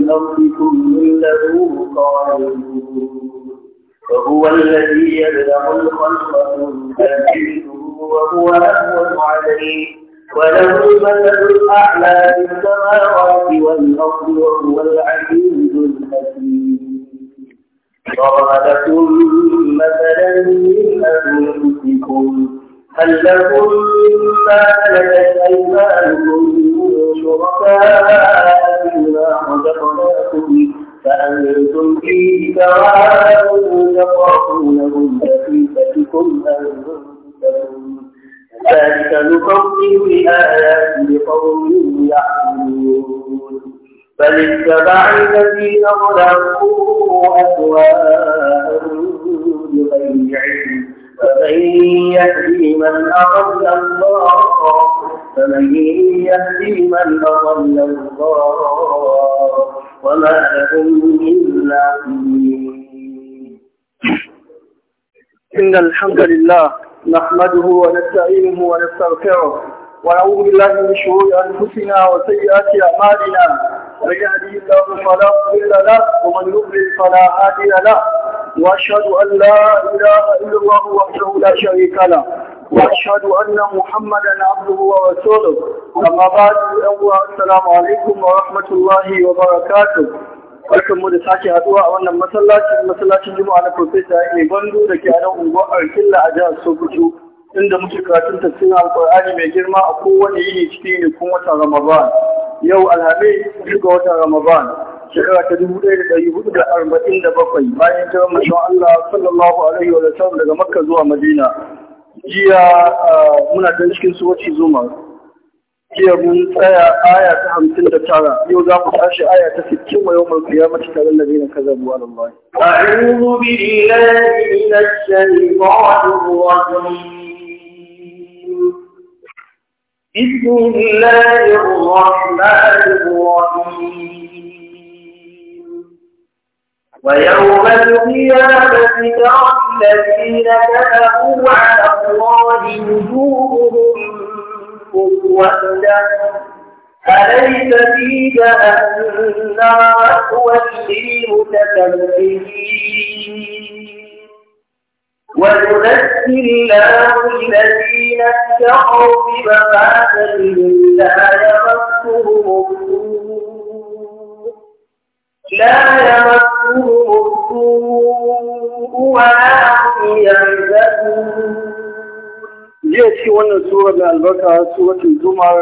ربكم إنه قادرون وهو الذي يبدأ الخلق ثم وهو أهون عليه وله المثل الأعلى في السماوات والأرض وهو العزيز الحكيم ضرب لكم مثلا من أنفسكم هل لكم مما ملكت أيمانكم شركاء بما رزقناكم فأنتم فيه سواء تخافونهم كخيفتكم أنفسكم كذلك نفصل الآيات لقوم يعلمون بل اتبع الذين ظلموا أهواءهم بغير علم فمن يهدي من أضل الله فمن يهدي من أضل الله وما لهم الا إن الحمد لله نحمده ونستعينه ونستغفره ونعوذ بالله من شرور أنفسنا وسيئات أعمالنا من يهدي الله فلا مضل له ومن يضلل فلا هادي له وأشهد أن لا إله إلا الله وحده لا شريك له واشهد ان محمدا عبده ورسوله اما بعد السلام عليكم ورحمه الله وبركاته barkanmu da sake haduwa a wannan masallacin masallacin juma'a na profesa ne bandu da ke a unguwar arkilla a jihar sokoto inda muke karatun tafsirin alkur'ani mai girma a kowane yini cikin yankun wata ramadan yau alhamis ga wata ramadan shekara ta dubu ɗaya da ɗari hudu da arba'in da bakwai bayan jiran mashin allah sallallahu alaihi wa sallam daga makka zuwa madina jiya muna kan cikin suwaci zuma jiya mun tsaya aya ta hamsin da tara yau za mu tashi aya ta sittin wa yau mai kiyamata tare da zai na kaza buwa da Allah. A'udhu billahi minash shaitanir rajim. Bismillahir rahmanir rahim. ويوم القيامة ترى الذين كفروا على الله وجوههم مسودة أليس في جهنم مثوى للمتكبرين وينزل الله الذين اتقوا بمفاتنهم لا يمسهم لا يمسهم السوء ولا ce wannan sura da albarka suratul zumar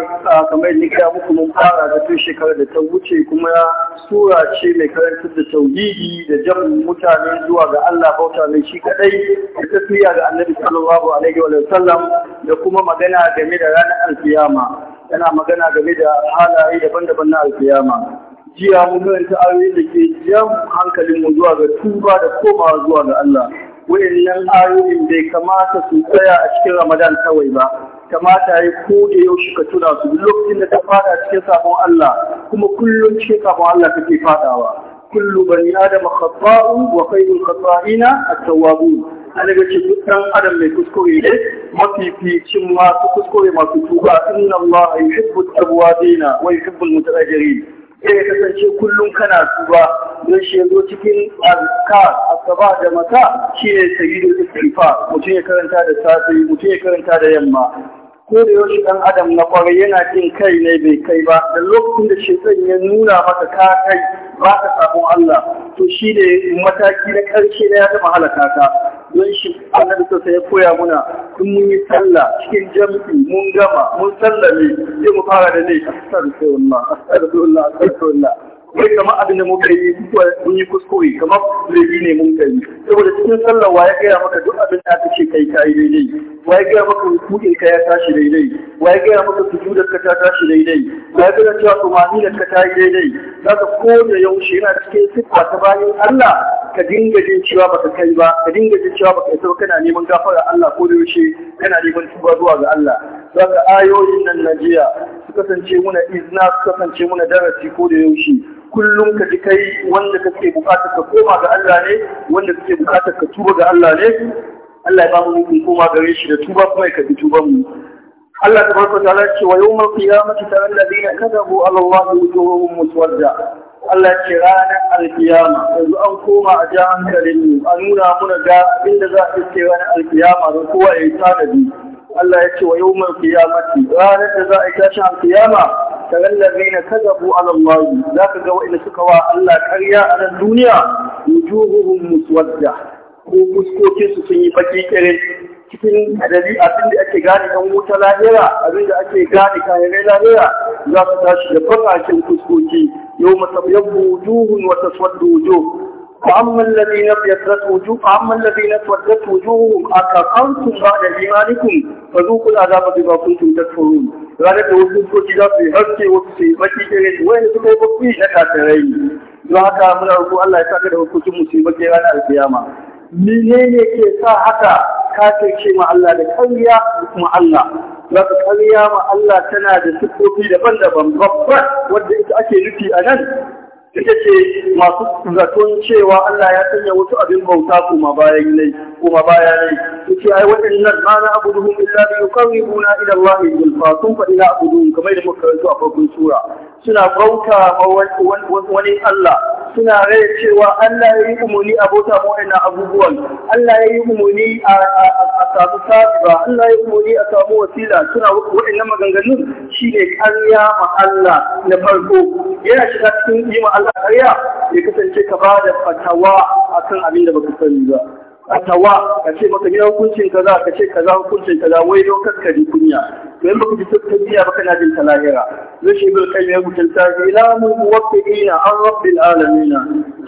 kamar yadda kira muku mun fara da tun shekarar da ta wuce kuma sura ce mai karantar da tauhidi da jan mutane zuwa ga Allah bauta mai shi kadai da tafiya ga Annabi sallallahu alaihi wa sallam da kuma magana game da ranar alkiyama yana magana game da halaye daban-daban na alfiyama. jiya mun karanta ayoyin da ke jan hankalin mu zuwa ga tuba da komawa zuwa ga Allah wayannan ayoyin bai kamata su tsaya a cikin Ramadan kawai ba kamata yi ko da yaushe ka tuna su duk lokacin da ka fada cikin sabon Allah kuma kullum cikin sabon Allah kake fadawa kullu bani adama khata'un wa khayrul khata'ina at-tawwabun an daga ce adam mai kuskure ne mafificin masu kuskure masu tuba inna Allah yuhibbu at-tawwabina wa yuhibbu al-mutatahhirin sai ya kasance kullum kana tuba don shi yazo cikin azka asaba da mata shine da istighfar mutum ya karanta da safe mutum ya karanta da yamma ko da yaushe ɗan adam na kwarai yana ɗin kai ne bai kai ba da lokacin da shaitan ya nuna maka ka kai ba ka samu Allah to shi ne mataki na karshe na ya taba halaka don shi annabi sassa ya koya muna tun mun yi sallah cikin jam'i mun gama mun sallame sai mu fara da ne astaghfirullah astaghfirullah astaghfirullah wai kama abin da muka yi mun yi kuskure kamar laifi ne mun kai saboda cikin sallar wa ya gaya maka duk abin da aka ce kai kai daidai wa ya gaya maka rukuɗin ka ya tashi daidai wa ya gaya maka sujudar ka ta tashi daidai wa ya gaya cewa da ka ta yi daidai zaka ko da yaushe yana cikin siffa ta bayan Allah ka dinga jin cewa baka kai ba ka dinga jin cewa baka isa kana neman gafara Allah ko da yaushe kana neman tuba zuwa ga Allah zaka ayoyin nan na jiya su kasance muna izna su kasance muna darasi ko da yaushe kullum ka ji kai wanda kake bukatar ka koma ga Allah ne wanda kake bukatar ka tuba ga Allah ne Allah ya ba mu mutum koma gare shi da tuba kuma ka bi tuban mu Allah tabaraka ta'ala ce wa yawmal qiyamati tara alladhina kadabu ala Allah wujuhuhum muswadda Allah ya ce ranar alkiyama yanzu an koma a ja hankalin mu an nuna muna ga inda za a ce ranar alkiyama don kowa ya yi tanadi Allah ya ce wa yawmal qiyamati ranar da za a yi tashin alkiyama tarin lardina ta gabu alallahu za ka ga wa'ina suka wa Allah karya a nan duniya wujuhuhum muswadda ko fuskokin su sun yi baki kere cikin adadi abin da ake gane an wuta lahira abin da ake gane kayan lahira za ku tashi da farashin kuskoki. yau masabiyar wujuhun wata swadda وأما الذين ابيضت وجوه أما الذين اسودت وجوههم أكفرتم بعد إيمانكم فذوقوا العذاب بما كنتم تكفرون ranar da wasu soci za su yi haske wasu su baki irin wani su kai na katarai don haka muna roƙo Allah ya saka da hukuncin musu baki ranar alkiyama menene ke sa haka kafirce ma Allah da kariya kuma Allah za ka Allah tana da siffofi daban-daban babbar wadda ita ake nufi a nan ita ce masu zaton cewa Allah ya sanya wasu abin bauta kuma bayan kuma baya ne, yace ai waɗannan ma na abuduhum illa li yuqarribuna ila Allah zulfa sun fa ila abuduhum kamar da muka a farkon sura suna bauta wani Allah suna raya cewa Allah ya yi umuni a bauta ma wa'annan abubuwan Allah ya yi umuni a samu sabiba Allah ya yi umuni a samu wasila suna wa'annan maganganun ne karya ma Allah na farko yana shiga cikin yi ma Allah karya ya kasance ka ba da fatawa akan abin da baka sani ba a tawa ka ce maka hukuncin kaza ka ce kaza hukuncin kaza wai don kaskari kunya to in baka ji tattabiya baka na jin talahira zai bil kai ya mutunta ila mu muwaffiqina an rabbil alamin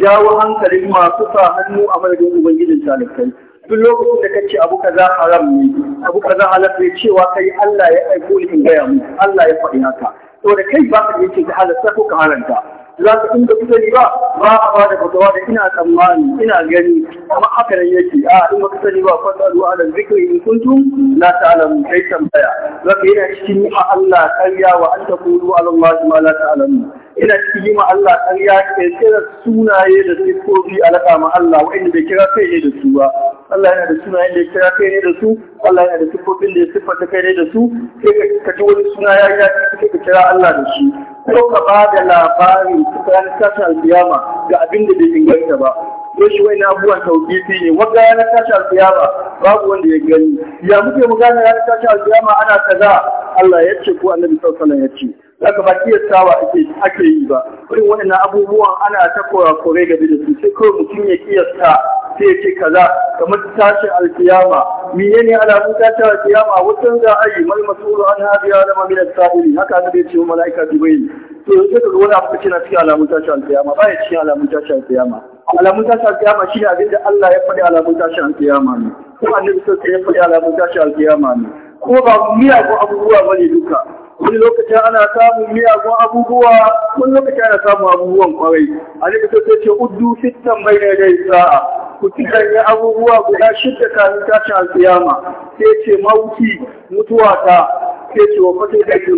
jawo hankalin masu sa hannu a madadin ubangijin talibai duk lokacin da kace abu kaza haram ne abu kaza halal ne cewa kai Allah ya aiko ni in gaya mu Allah ya faɗi haka to da kai ba ka yace ka halarta ko ka haranta za ka inda kuka ba ba a ba da fatawa da ina tsammani ina gani amma haka nan yake a in ba kuka ni ba fasalu ala zikri in kuntum la ta'lamu kai tambaya za ka yana cikin a Allah karya wa an taqulu ala Allah ma la ta'lamu Ina cikin yi ma Allah karya ke kira sunaye da sifofi alaka ma Allah wa wa'inda bai kira kai ne da su ba Allah yana da sunayen da ya kira kai ne da su Allah yana da sifofin da ya siffanta kai ne da su sai ka ji wani suna ya ya sai ka kira Allah da shi ko ka ba da labarin kusan tashar siyama ga abin da bai inganta ba ko shi wani abubuwan tauƙifi ne wata ya tashar siyama babu wanda ya gani ya muke mu gane ya tashar siyama ana kaza Allah ya ce ko annabi sallallahu alaihi wasallam ya ce zaka ba tiyastawa ake yi ba irin waɗannan abubuwan ana ta kore ga da su sai kawai mutum ya kiyasta sai ya ce kaza kamar tashin alkiyama menene alamun tashin alkiyama wutan za a yi mal masulu an hadiya da mamina sa'ili haka ne da ce mala'ika dubai to sai ka wani abu kace na cikin alamun tashin alkiyama ba ya cikin alamun tashin alkiyama alamun tashin alkiyama ne abin da Allah ya faɗi alamun tashin alkiyama ne ko annabi sai ya faɗi alamun tashin alkiyama ne ko ba miyagun abubuwa bane duka wani lokacin ana samun miyagun abubuwa wani lokacin ana samun abubuwan kwarai a ne ta ce uddu fitan bai na dai sa'a ku kiyaye abubuwa guda shidda kafin tashin alƙiyama sai ce mawuki mutuwa ta sai ce wa fatai da ke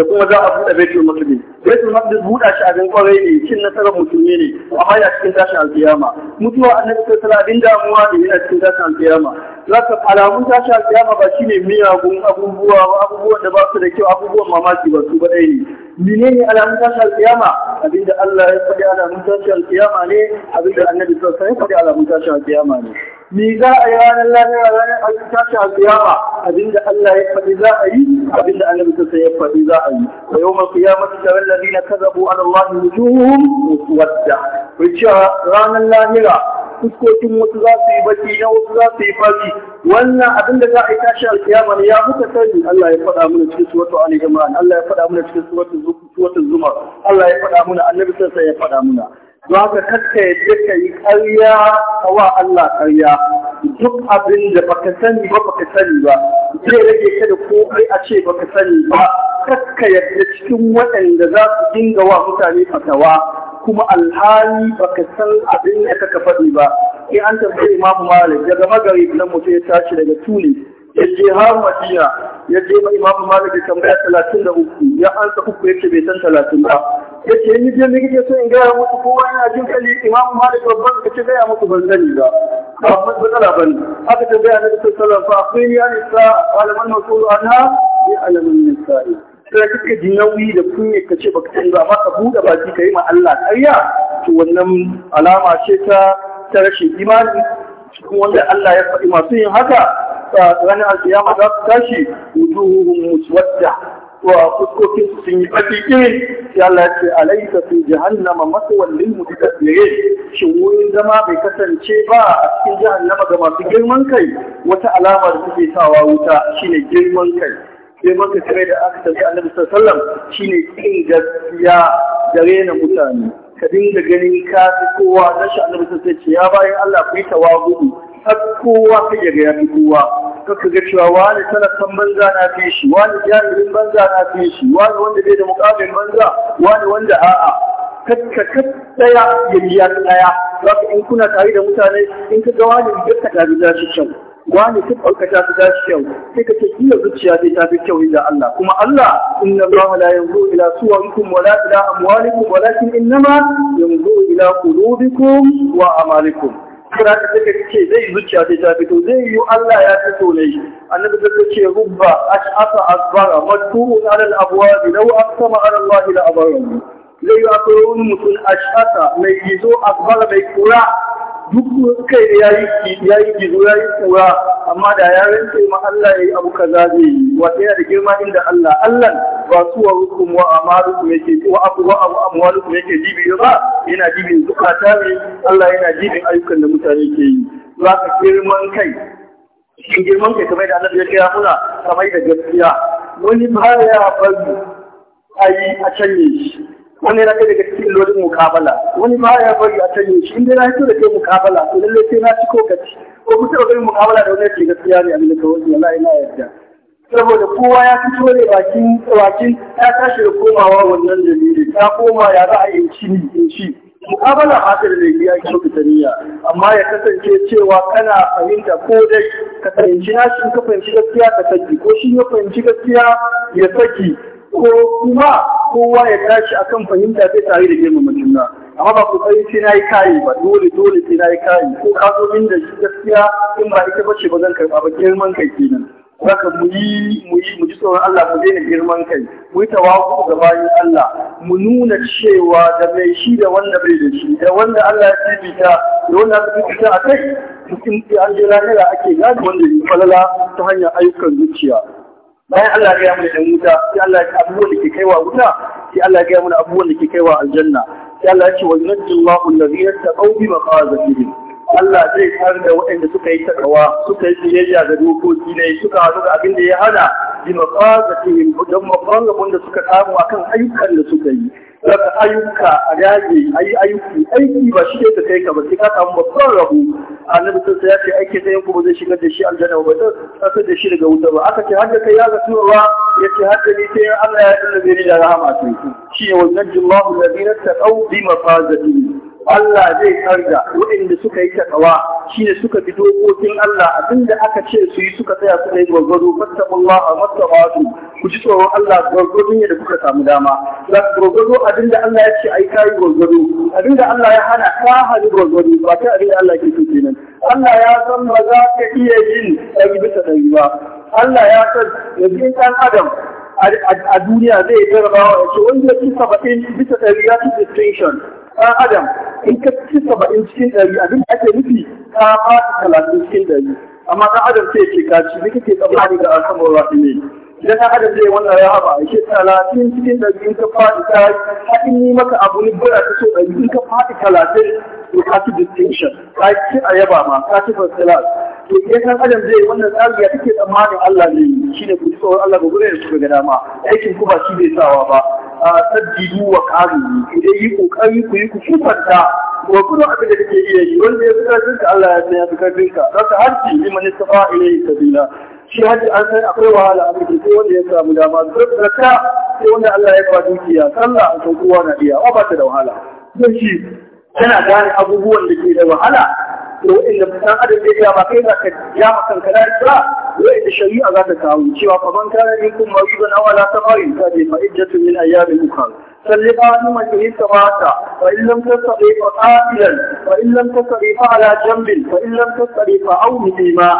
da kuma za a buɗe baitul musulmi baitul maqdis buɗa shi a kwarai ne cin nasarar musulmi ne amma ya cikin tashin alƙiyama. mutuwa annabi sallallahu alaihi wasallam damuwa ne yana cikin tashin alƙiyama. zaka alamun tashin alƙiyama ba shine miyagun abubuwa abubuwan da ba su da kyau abubuwan mamaki ba su ba ɗaya ne menene alamun tashin alkiyama abinda Allah ya faɗi alamun tashin alƙiyama ne abinda annabi sallallahu alaihi ya faɗi alamun tashin alƙiyama ne me za a yi ranar lahira ranar abin tashi a kiyama abinda Allah ya faɗi za a yi abinda annabi sassa ya faɗi za a yi wa yau ma kiyamata tarar ladina kazabu an Allah wujuhum muswadda wuce ranar lahira fuskokin wasu za su yi baki na wasu za su yi fari wannan abin da za a yi tashi alkiyama ne ya muka sani Allah ya faɗa mana cikin suwatu ali imran Allah ya faɗa mana cikin suwatu zumar Allah ya faɗa mana annabi sassa ya faɗa mana za ka kakka yadda ka yi karya ka Allah karya duk abin da baka sani ba baka sani ba zai rage ka da ko ai a ce baka sani ba kaska yadda cikin waɗanda za su dinga wa mutane fatawa kuma alhali baka san abin da kaka faɗi ba in an tambaye imamu malik daga magari nan mutum ya tashi daga tuli ya je har madina ya je mai imamu malik tambaya talatin da uku ya ansa uku yake bai san talatin ba ya ce ni je ni so in gaya musu kowa yana jin kali imamu malik babban ka ce gaya musu ban sani ba ba matsala ba ne haka ta gaya na da sassalar fa akwai ya nisa alaman masu ana ya alaman nisa'i sai kake ji nauyi da kunya ka ce baka san ba amma ka buɗe baki ka yi ma Allah ƙarya to wannan alama ce ta ta rashin imani cikin wanda Allah ya faɗi masu yin haka ranar alkiyama za su tashi wujuhuhum muswadda to fuskokin su sun yi baki irin sai Allah ya ce alaysa fi jahannama maswal lil mutakabbirin shin wurin zama bai kasance ba a cikin jahannama ga masu girman kai wata alama da suke sawa wuta shine girman kai girman kai kare da aka tafi Annabi Sallam shine kin gaskiya da rena mutane ka dinga ganin ka kowa na sha'anin sun ce ya bayan Allah ku yi tawagudu har kowa kai ya ga ya kowa kaka ga cewa wani talakan banza na fi shi wani jami'in banza na fi shi wani wanda bai da mukamin banza wani wanda a'a kakka ka tsaya ya biya tsaya za ka in kuna tare da mutane in ka ga wani ka tare da shi kyau wani duk ɗauka dace kyau sai ka tafi da zuciya zai tafi kyau inda Allah kuma Allah inna Allah la yanzu ila suwarikum wa la ila amwalikum walakin innama yanzu ila qulubikum wa amalikum kira da suka ce zai zuciya sai ta fito zai yi Allah ya fito ne annabi ta ce rubba ash'asa asbara madkurun ala al da law aqsama ala Allah la abara zai yi akwai wani mutum ash'asa mai gizo asbara mai kura duk kai ya yi gizo ya yi tsura, amma da ya rantse ma Allah ya yi abu ka zai yi wata yana da girma inda Allah Allah ba su wa hukum wa amarukum yake wa abu wa abu amwalukum yake dibi ba yana dibin zukata ne Allah yana dibin ayyukan da mutane ke yi za ka girman kai shi girman kai kamar da Allah ya kira muna kamar da gaskiya wani baya bari a yi a canye shi wani na daga cikin lodin mukabala wani ba ya bari a tanye shi inda na hito da ke mukabala to lallai sai na ci kokaci ko kusa da ganin mukabala da wani ya ce gaskiya ne a da ka wani Wala ina yadda? saboda kowa ya fito ne bakin bakin ya tashi da komawa wannan dalili ta koma ya za a yi ci in ci mukabala hatar da ya yi fitaniya amma ya kasance cewa kana fahimta ko dai ka fahimci na shi ka fahimci gaskiya ka saki ko shi ya fahimci gaskiya ya saki ko kuma kowa ya tashi a kan fahimta sai tare da girmama juna amma ba ku sai na yi kayi ba dole dole sai na yi kayi ko ka zo min da shi gaskiya in ba ita bace ba zan karɓa ba girman kai kenan zaka mu yi mu yi mu ji tsoron Allah mu daina girman kai mu yi tawaku ga bayin Allah mu nuna cewa da mai shi da wanda bai da shi da wanda Allah ya tsibita da wanda aka tsibita a kai mutum ya an ne da ake gane wanda ya falala ta hanyar ayyukan zuciya bayan Allah ya mana da wuta sai Allah ya abubuwan da ke kaiwa wuta sai Allah ya mana abubuwan da ke kaiwa aljanna sai Allah ya ce wa yunajji Allahu allazina taqaw bi maqazatihim Allah zai kar da waɗanda suka yi takawa suka yi biyayya ga dokoki ne suka haɗu da abin da ya hada bi maqazatihim don mafarin da suka samu akan ayyukan da suka yi daga ayyuka a yaji ayi ayyuki aiki ba shi ta kai ka ba sai ka samu babban rabu annabi sun ya ce aiki ta ku ba zai shigar da shi aljanna ba zai tsasar da shi daga wuta ba aka ce hadda kai ya ga tuwa ya ce hadda ni sai Allah ya tsalla zai da rahama shi shi ne wannan jillahu ladina taqaw bi mafazatihi Allah zai karga waɗanda suka yi takawa shi ne suka bi dokokin Allah abinda aka ce su yi suka tsaya suka yi gwargwado fattakullah a mattawatu ku ji tsoron Allah gwargwado ne da kuka samu dama za ku gwargwado abinda Allah ya ce yi kayi gwargwado abinda Allah ya hana ka hali gwargwado ba ta abinda Allah ke so kenan Allah ya san ba za ka iya yin ɗari bisa ɗari ba Allah ya san yanzu ɗan adam a duniya zai jarabawa ya ce wanda ya fi saba'in bisa ɗari ya ci distinction ɗan adam in ka fi saba'in cikin ɗari abin da ake nufi ka fata talatin cikin ɗari amma ɗan adam sai ke kaci ne kake tsammani da alkamar rafi ne idan ɗan adam zai wannan ya haɓa a talatin cikin ɗari in ka fata ta haɗin yi maka abu ne bura ta so ɗari in ka fata talatin to ka ci distinction ka ci a yaba ma ka ci first to idan ɗan adam zai wannan tsari ya kake tsammanin Allah ne shine ku tsoron Allah ba gure da su ga dama aikin kuma ba shi bai sawa ba saddidu wa kari idan yi kokari ku yi ku sufanta wa kuma abin da kake iya yi wanda ya fi karfin ka Allah ya san ya fi karfin ka za ka harci liman man istafa sabila shi haji an san akwai wahala a cikin ko wanda ya samu dama zakka ko wanda Allah ya ba dukiya sallah a san kowa na iya ba ta da wahala dan shi tana gane abubuwan da ke da wahala da wa'inda mutan adam zai iya ba kai za ka ja ma kanka na ba wa'inda shari'a za ta kawo cewa faman kana minkum maridan aw ala ta fa iddatun min ayyamin ukhra سلقها نمته سواتا وإن لم تستطيع فقاتلا وإن لم تستطيع على جنب وإن لم تستطيع فأومي ماء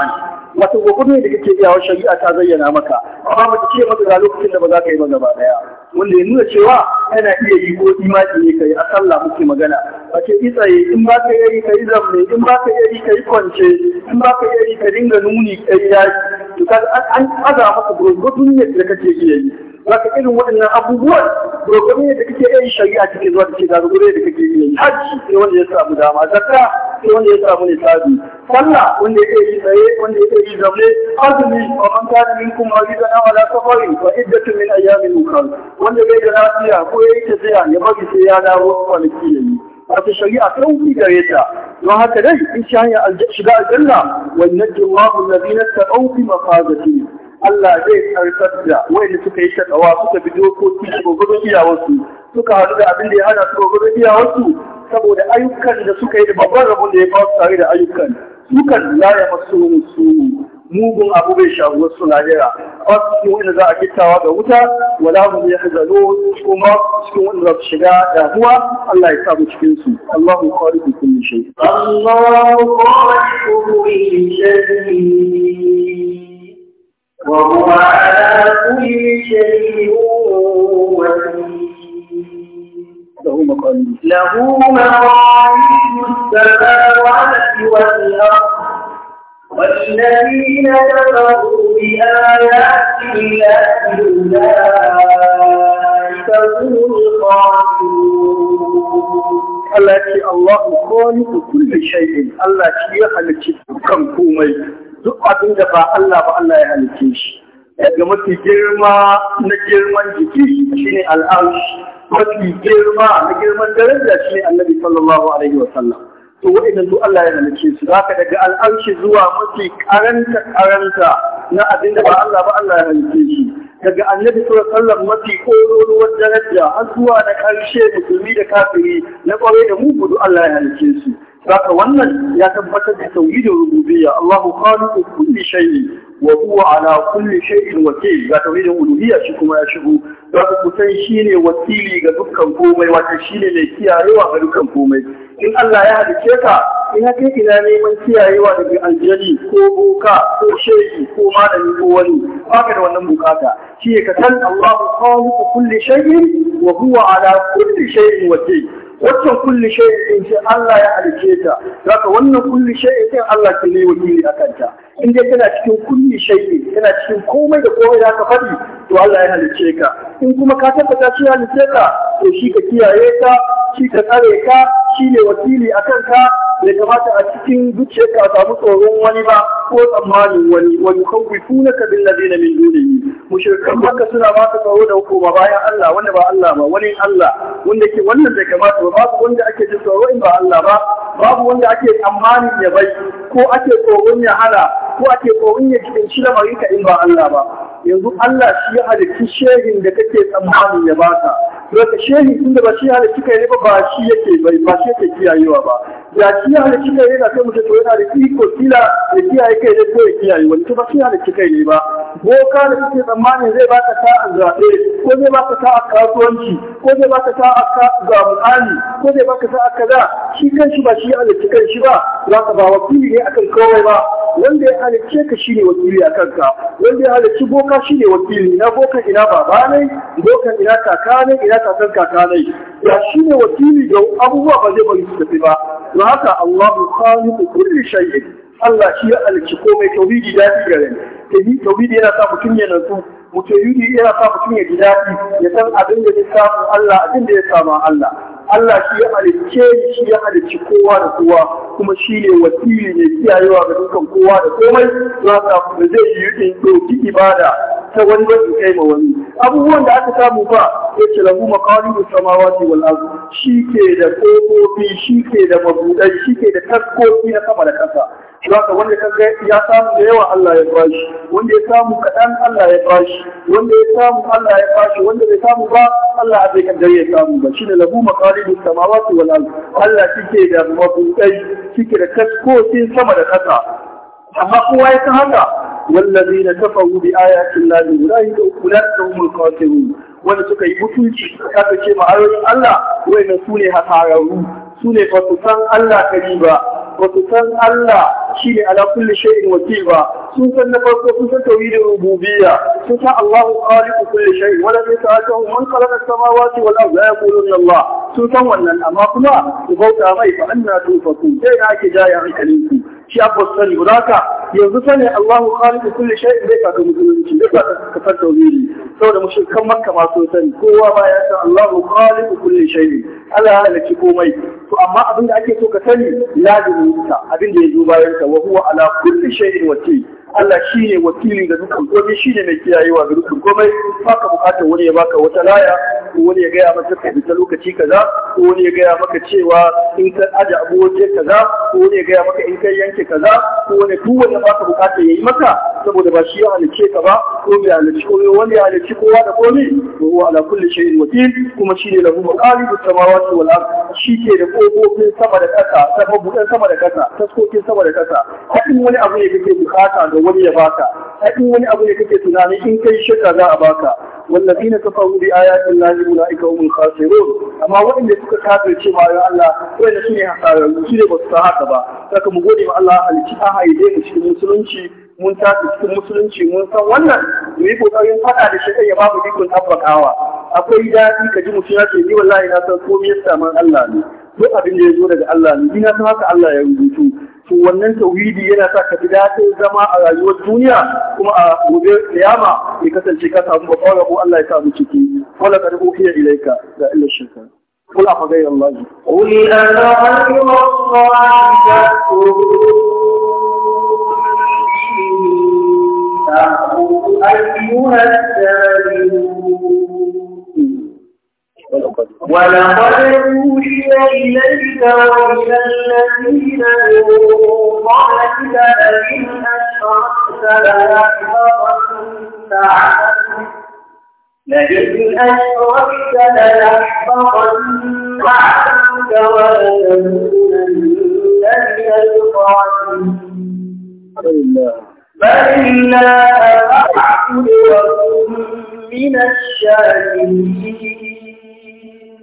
wato gobe da kake iya wa shari'a ta zayyana maka amma ba ce maka ga lokacin da ba za ka yi ba gaba daya wanda ya nuna cewa yana iya yi ko imani ne kai a sallah muke magana ba ce itsaye in ba ka yi kai zamne in ba ka yi kai kwance in ba ka yi ka dinga nuni kai yaki to an aza maka gurgurdun ne da kake iya yi zaka irin waɗannan abubuwan roƙon ne da kake yi shari'a kake zuwa da ke da da kake yi hajji sai wanda ya samu dama zakka sai wanda ya samu nisabi sallah wanda yake yi tsaye wanda yake yi zaune azumi wa man kana minkum maridan aw ala safarin fa iddatun min ayyamin ukhra wanda bai da lafiya ko yayi tafiya ya bari sai ya dawo kwanaki yayi wato shari'a ta wuce gare ta don haka dai in shi hanya shiga aljanna wa najjallahu ta taqaw fi mafazatihim Allah zai karfar da wayanda suka yi takawa suka bi dokoki gogoro iyawarsu suka haɗu da abin da ya hana su gogoro iyawarsu saboda ayyukan da suka yi da babban rabon da ya kawo tare da ayyukan sukan laya ya masu su mugun abu bai shafi wasu lahira a cikin wanda za a kittawa ga wuta wala mu ya hazalo kuma cikin wanda za su shiga damuwa Allah ya sa mu cikin su Allahu khaliqu kulli shay Allahu khaliqu kulli shay وهو على كل شيء له مقاليد له مقاليد السماوات والأرض والذين كفروا بآيات الله أولئك هم الخاسرون Allah الله خالق كل شيء ku kulle كم Allah duk abin da ba Allah ba Allah ya halice shi daga mafi girma na girman jiki shine al'arshi mafi girma na girman daraja shine annabi sallallahu alaihi wa sallam to wa'annan duk Allah ya halice su zaka daga al'arshi zuwa mafi karanta karanta na abin da ba Allah ba Allah ya halice shi daga annabi sallallahu alaihi mafi kororuwar daraja har zuwa na ƙarshe, musulmi da kafiri na kwarai da mugu duk Allah ya halice su Saka wannan ya tabbatar da tauhidin rububiyya Allahu khaliqu kulli shay'i wa huwa ala kulli shay'in wakil ga tauhidin uluhiyya shi kuma ya shigo za ku san shine wakili ga dukkan komai wato shine mai kiyayewa ga dukkan komai in Allah ya halice ka in kai ina neman kiyayewa daga aljani ko boka ko shay'i ko malami ko wani baka da wannan bukata shi ka san Allahu khaliqu kulli shay'in wa huwa ala kulli shay'in wakil waccan kulli in sai Allah ya alke ta zaka wannan kulli shay'in in Allah ke ne wakili akan ta in dai kana cikin kulli shay'in kana cikin komai da komai da ka faɗi to Allah ya halice ka in kuma ka tabbata shi ya halice ka to shi ka kiyaye ka shi ka tsare ka shi ne wakili akan ka bai kamata a cikin zuciyarka a samu tsoron wani ba ko tsammani wani wa yukawwifunaka bil ladina min dunihi mushrikan haka suna ba ka tsaro da hukuma bayan Allah wanda ba Allah ba wani Allah wanda ke wannan bai kamata ba babu wanda ake jin tsoro in ba Allah ba babu wanda ake tsammanin ya bai ko ake tsoron ya hana ko ake tsoron ya cikin shi lamarin in ba Allah ba yanzu Allah shi ya halitta shehin da kake tsammani ya baka ka shehin tun da ba shi halitta kai ba ba shi yake bai ba shi yake kiyayewa ba ya shi halitta kai yana kai mutum to yana da iko kila ya kiyaye kai da ko ya kiyaye wani to ba shi halitta kai ne ba boka da kake tsammani zai baka a zaɓe ko zai baka a kasuwanci ko zai baka sa'an ga mu'ani ko zai baka a kaza shi kanshi ba shi halitta kai shi ba za ka ba wakili ne akan kawai ba wanda ya halicce ka shi ne wakili a kanka wanda ya halicci boka ka shi ne wakili ina bokan ina baba ne bokan ina kaka ne ina kakan kaka ne ya shi ne wakili ga abubuwa ba zai bari su tafi ba don haka Allah mu kawo ku kulli shay'in Allah shi ya alci komai tauhidi da shi gare yi tauhidi yana sa mutum ya su mutum yana sa mutum ya ji daɗi ya san abin da ya samu Allah abin da ya samu Allah Allah shi ya halicce ni shi ya halicci kowa da kowa kuma shi ne wasili ne kiyayewa ga dukkan kowa da komai za ka da zai yi in ɗauki ibada ta wani ba in kai wani abubuwan da aka samu ba ya ce lahu maqalidu samawati wal ardh shi ke da kofofi shi ke da mabudai shi ke da taskoki na sama da ƙasa Zaka wanda ka ga ya samu da yawa Allah ya bashi, wanda ya samu kaɗan Allah ya bashi, wanda ya samu Allah ya bashi, wanda bai samu ba Allah a bai kan ya samu ba. Shi ne lahu maqalidu mafaɗi samawati wal ard Allah shike da mabuɗai shike da kaskokin sama da ƙasa amma kowa ya san haka wallazina kafaru bi ayatin lahi ulaika ulaika humul khasirun wanda suka yi mutunci aka ce ma ayoyin Allah wayna sune hasararru sune ba su san Allah kari ba su san Allah shi ne ala kulli shay'in wakil ba sun san na farko sun san tauhidin rububiyya sun san Allahu khaliqu kulli shay'in wala bi ta'atuhu man khalaqa as-samawati wal ardi yaquluna Allah sun san wannan amma kuma ku bauta mai fa anna tufaku sai na ki jaya hankalinku shi abu sani ulaka yanzu sani Allahu khaliqu kulli shay'in bai ka musulunci bai ka kafar tauhidi saboda mushrikan makka ma so sani kowa ba ya san Allahu khaliqu kulli shay'in Allah ya halicci komai to amma abin da ake so ka sani lazimin ka abin da ya zo bayan ka wa huwa ala kulli shay'in wakil Allah shi ne wakili ga dukkan komai shi ne mai kiyayewa ga dukkan komai baka bukatar wani ya baka wata laya ko wani ya gaya maka ka ta lokaci kaza ko wani ya gaya maka cewa in ka aje abu kaza ko wani ya gaya maka in ka yanke kaza ko wani duk wanda baka bukatar yayi maka saboda ba shi ya halice ka ba ko bai halice ko wani ya halice kowa da komai ko huwa ala kulli shay'in wakil kuma shi ne lahu maqalidu samawati wal ard shi ke da kofofin sama da kasa ta mabudan sama da kasa taskokin sama da kasa hadin wani abu ne kake bukata da wani ya baka a in wani abu ne kake tunani in kai shirka za a baka والذين كفروا بآيات الله أولئك هم الخاسرون amma waɗanda suka ce ma ya Allah wai da shine hasararru shi ne ba su haka ba saka mu gode ma Allah halici a haide mu cikin musulunci mun tafi cikin musulunci mun san wannan mu yi kokarin fada da shi ya babu dukkan tabbakawa akwai daɗi ka ji mutum ya ce ni wallahi na san komai ya samu Allah ne duk abin da ya zo daga Allah ne Ina ta san haka Allah ya rubutu to wannan tauhidi yana sa ka gida ta zama a rayuwar duniya kuma a gobe kiyama ya kasance ka samu babban rabo Allah ya sa mu ciki wala qad uhiya ilayka da illa shirka قل أفغير الله قل أفغير الله تأمر أيها الجاهلون ولقد أوحي إليك وإلى الذين قبلك لئن أشركت ليحبطن عنك لئن أشركت ليحبطن عنك ولتكونن من بل الله وكن من الشاكرين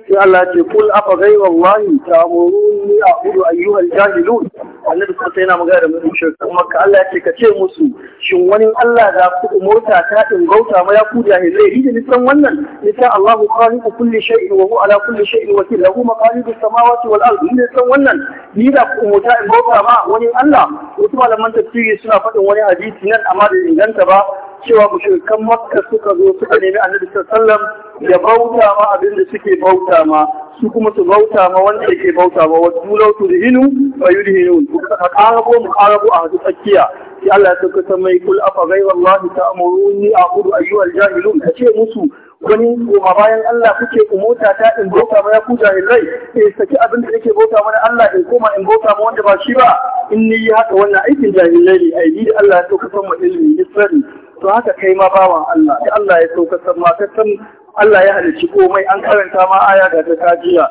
sai Allah ce kul afa ghayra allahi ta'muruni a'budu ayyuha al-jahilun annabi sai yana magana da mushrikan makka Allah ce ka ce musu shin wani Allah za ku mota ta in gauta ma ya ku jahilai idan nisan wannan ni nisan Allahu khaliqu kulli shay'in wa huwa ala kulli shay'in wakil lahu maqalidu samawati wal ardi san wannan ni da ku mota in gauta ma wani Allah wasu malaman tafsiri suna faɗin wani hadisi nan amma da inganta ba cewa mushrikan makka suka zo suka nemi annabi sallallahu ya bauta ma abin da suke bauta ma su kuma su bauta ma wanda yake bauta ma wa dulau tudhinu fa yudhinun qarabo muqarabu a hadu tsakiya Ya Allah ya sauka mai kul afa ghayra Allah ta'muruni a'budu ayyuhal jahilun ce musu wani goma bayan Allah kuke umota ta in bauta ma ya ku jahilai in eh, saki abin da nake bauta mana Allah in koma in bauta ma wanda ba shi ba in ni haka wannan aikin jahilai ne ai ni da Allah ya sauka san mu ilmi nisari to haka kai ma bawan Allah sai Allah ya sauka san ma san Allah ya halicci komai an karanta ma aya da ta kajiya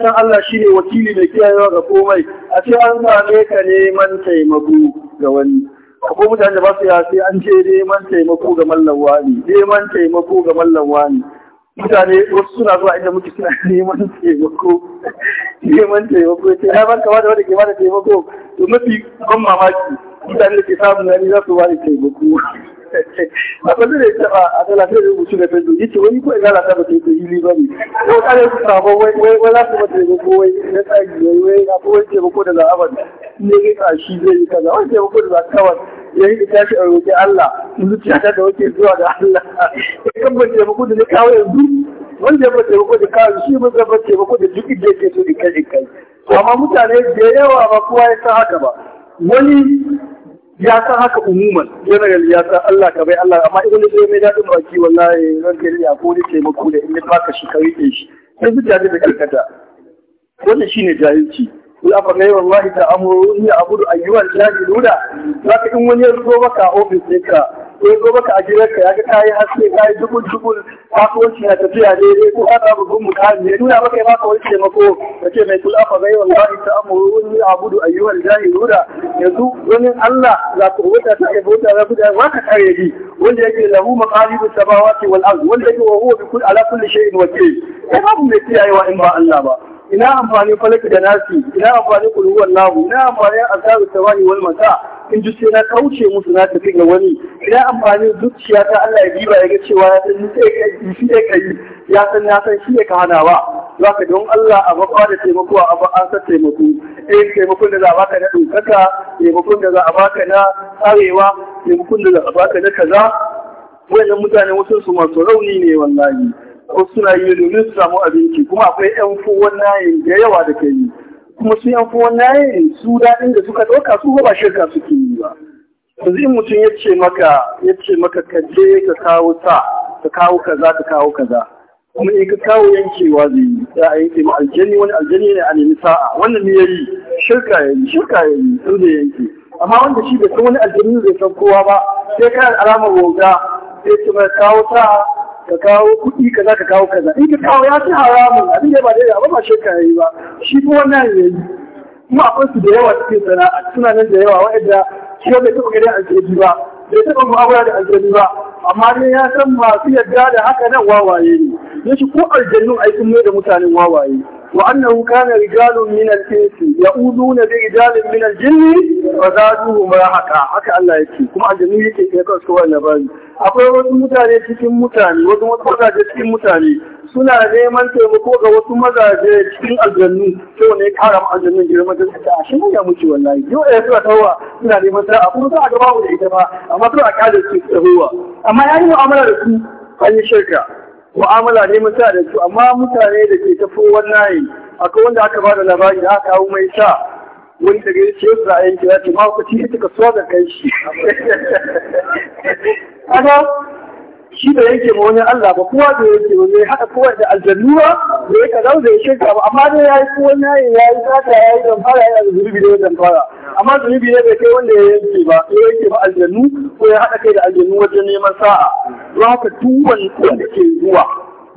san Allah shine wakili mai kiyayewa ga komai a ce an same ka neman taimako ga wani akwai mutane da ba su yafi an ce neman taimako ga mallan wani neman taimako ga mallan wani mutane wasu suna zuwa inda muke suna neman taimako neman taimako ce ya barka da wanda ke bada taimako to mafi ban mamaki mutane da ke samun gani za su da taimako ko ne ya taba a talata da rubutu da facebook yace wani ko igala ta ba ta yi hili ba ne ko kare su sabon ko wai wai za su mata yi ko wai na tsari wai wai na ko wai taimako da za'abar ne ya ka shi zai yi kaza wai taimako da ya yi ta shi a roƙi Allah zuciya ta da wake zuwa da Allah ya kan ba taimako da na kawo yanzu wani ya ba ko da kawo shi ba zai ba ko da duk inda yake so da kai amma mutane da yawa ba kowa ya san haka ba wani ya san haka umuman general ya san Allah ka bai Allah amma ibn Taymiyyah mai dadin baki wallahi ran kai ya ko da taimako da in baka shi ka rike shi sai zuciya da karkata wannan shine jahilci kul faɗa yi wallahi gudu ni abudu ayyuhal jahiluna zaka in wani ya zo maka office ka. ya zo maka a gidanka ya ga kayi haske kayi dubul dubul kasuwanci na tafiya daidai ko ka samu gun mutane ya nuna maka ya baka wani taimako ka ce mai kula fa bai wallahi ta amuru wani abudu ayyuhal jahiluna yanzu wani Allah za ku wuta ta aibo ta rabu da za kare ni wanda yake lahu maqalibu samawati wal ard wanda yake wa huwa bi kulli ala kulli shay'in wakil kai babu mai kiyayewa in ba Allah ba ina amfani falaki da nasi ina amfani kulhuwan lahu ina amfani asabu tawani wal mata in ji sai na kauce musu na tafi ga wani ina amfanin zuciya ta Allah ya diba ya ga cewa ya san shi sai kai ya san ya san shi ya kana ba za ka don Allah a ba da taimako a ba an san taimako eh taimakon da za a baka na dokaka taimakon da za a baka na arewa taimakon da za a baka na kaza wannan mutane wasu su masu rauni ne wallahi ko suna yi domin su samu abinci kuma akwai yan fuwan nayin da yawa da ke yi kuma su yan na naye su daɗin da suka ɗauka su ba shirka suke yi ba yanzu in mutum ya ce maka ya ce maka ka je ka kawo ta ka kawo kaza ka kawo kaza kuma in ka kawo yankewa zai yi za a yanke ma aljani wani aljani ne a nemi sa'a wannan ne ya yi shirka ya yi shirka ya yi su ne yanke amma wanda shi bai san wani aljani zai san kowa ba sai kana alamar woga sai ce mai kawo ta ka kawo kuɗi kaza ka kawo kaza in ka kawo ya ci haramun abin da ba yawa ba ba ka yi ba shi ko wannan yayi kuma akwai su da yawa cikin sana'a suna nan da yawa waɗanda shi bai taɓa gani aljebi ba bai taɓa mu'amala da aljebi ba amma ne ya san masu yadda da haka nan wawaye ne shi ko aljannun aikin mai da mutanen wawaye وأنه كان رجال من الإنس يؤذون برجال من الجن وزادوه رهقا هكا الله يكي كما جميل يكي يكي سوى نبالي akwai wasu mutane cikin mutane wasu wasu cikin mutane suna neman taimako ga wasu mazaje cikin aljannu to ne kara ma aljannun girman da suka ashe mun ya mutu wallahi yau eh suna tawa suna neman sa'a kuma za a gaba da ita ba amma suna kare amma yayin mu'amala da su an yi shirka mu'amala ne mun da su amma mutane da ke tafi wannan yi akwai wanda aka bada labari da aka hau mai sa wani daga ya ce a ra'ayin kira ce ma ku ita ka so da kai shi shi da yanke ma wani Allah ba kowa da yake ba zai haɗa kowa da aljannu ba da ya kazau da ya shirka ba amma dai ya yi kowa ya yi ya yi sata ya yi damfara ya yi zunubi da ya damfara amma zunubi ne bai kai wanda ya yanke ba ya yanke ba aljannu ko ya haɗa kai da aljannu wajen neman sa'a don haka duk wanda ke zuwa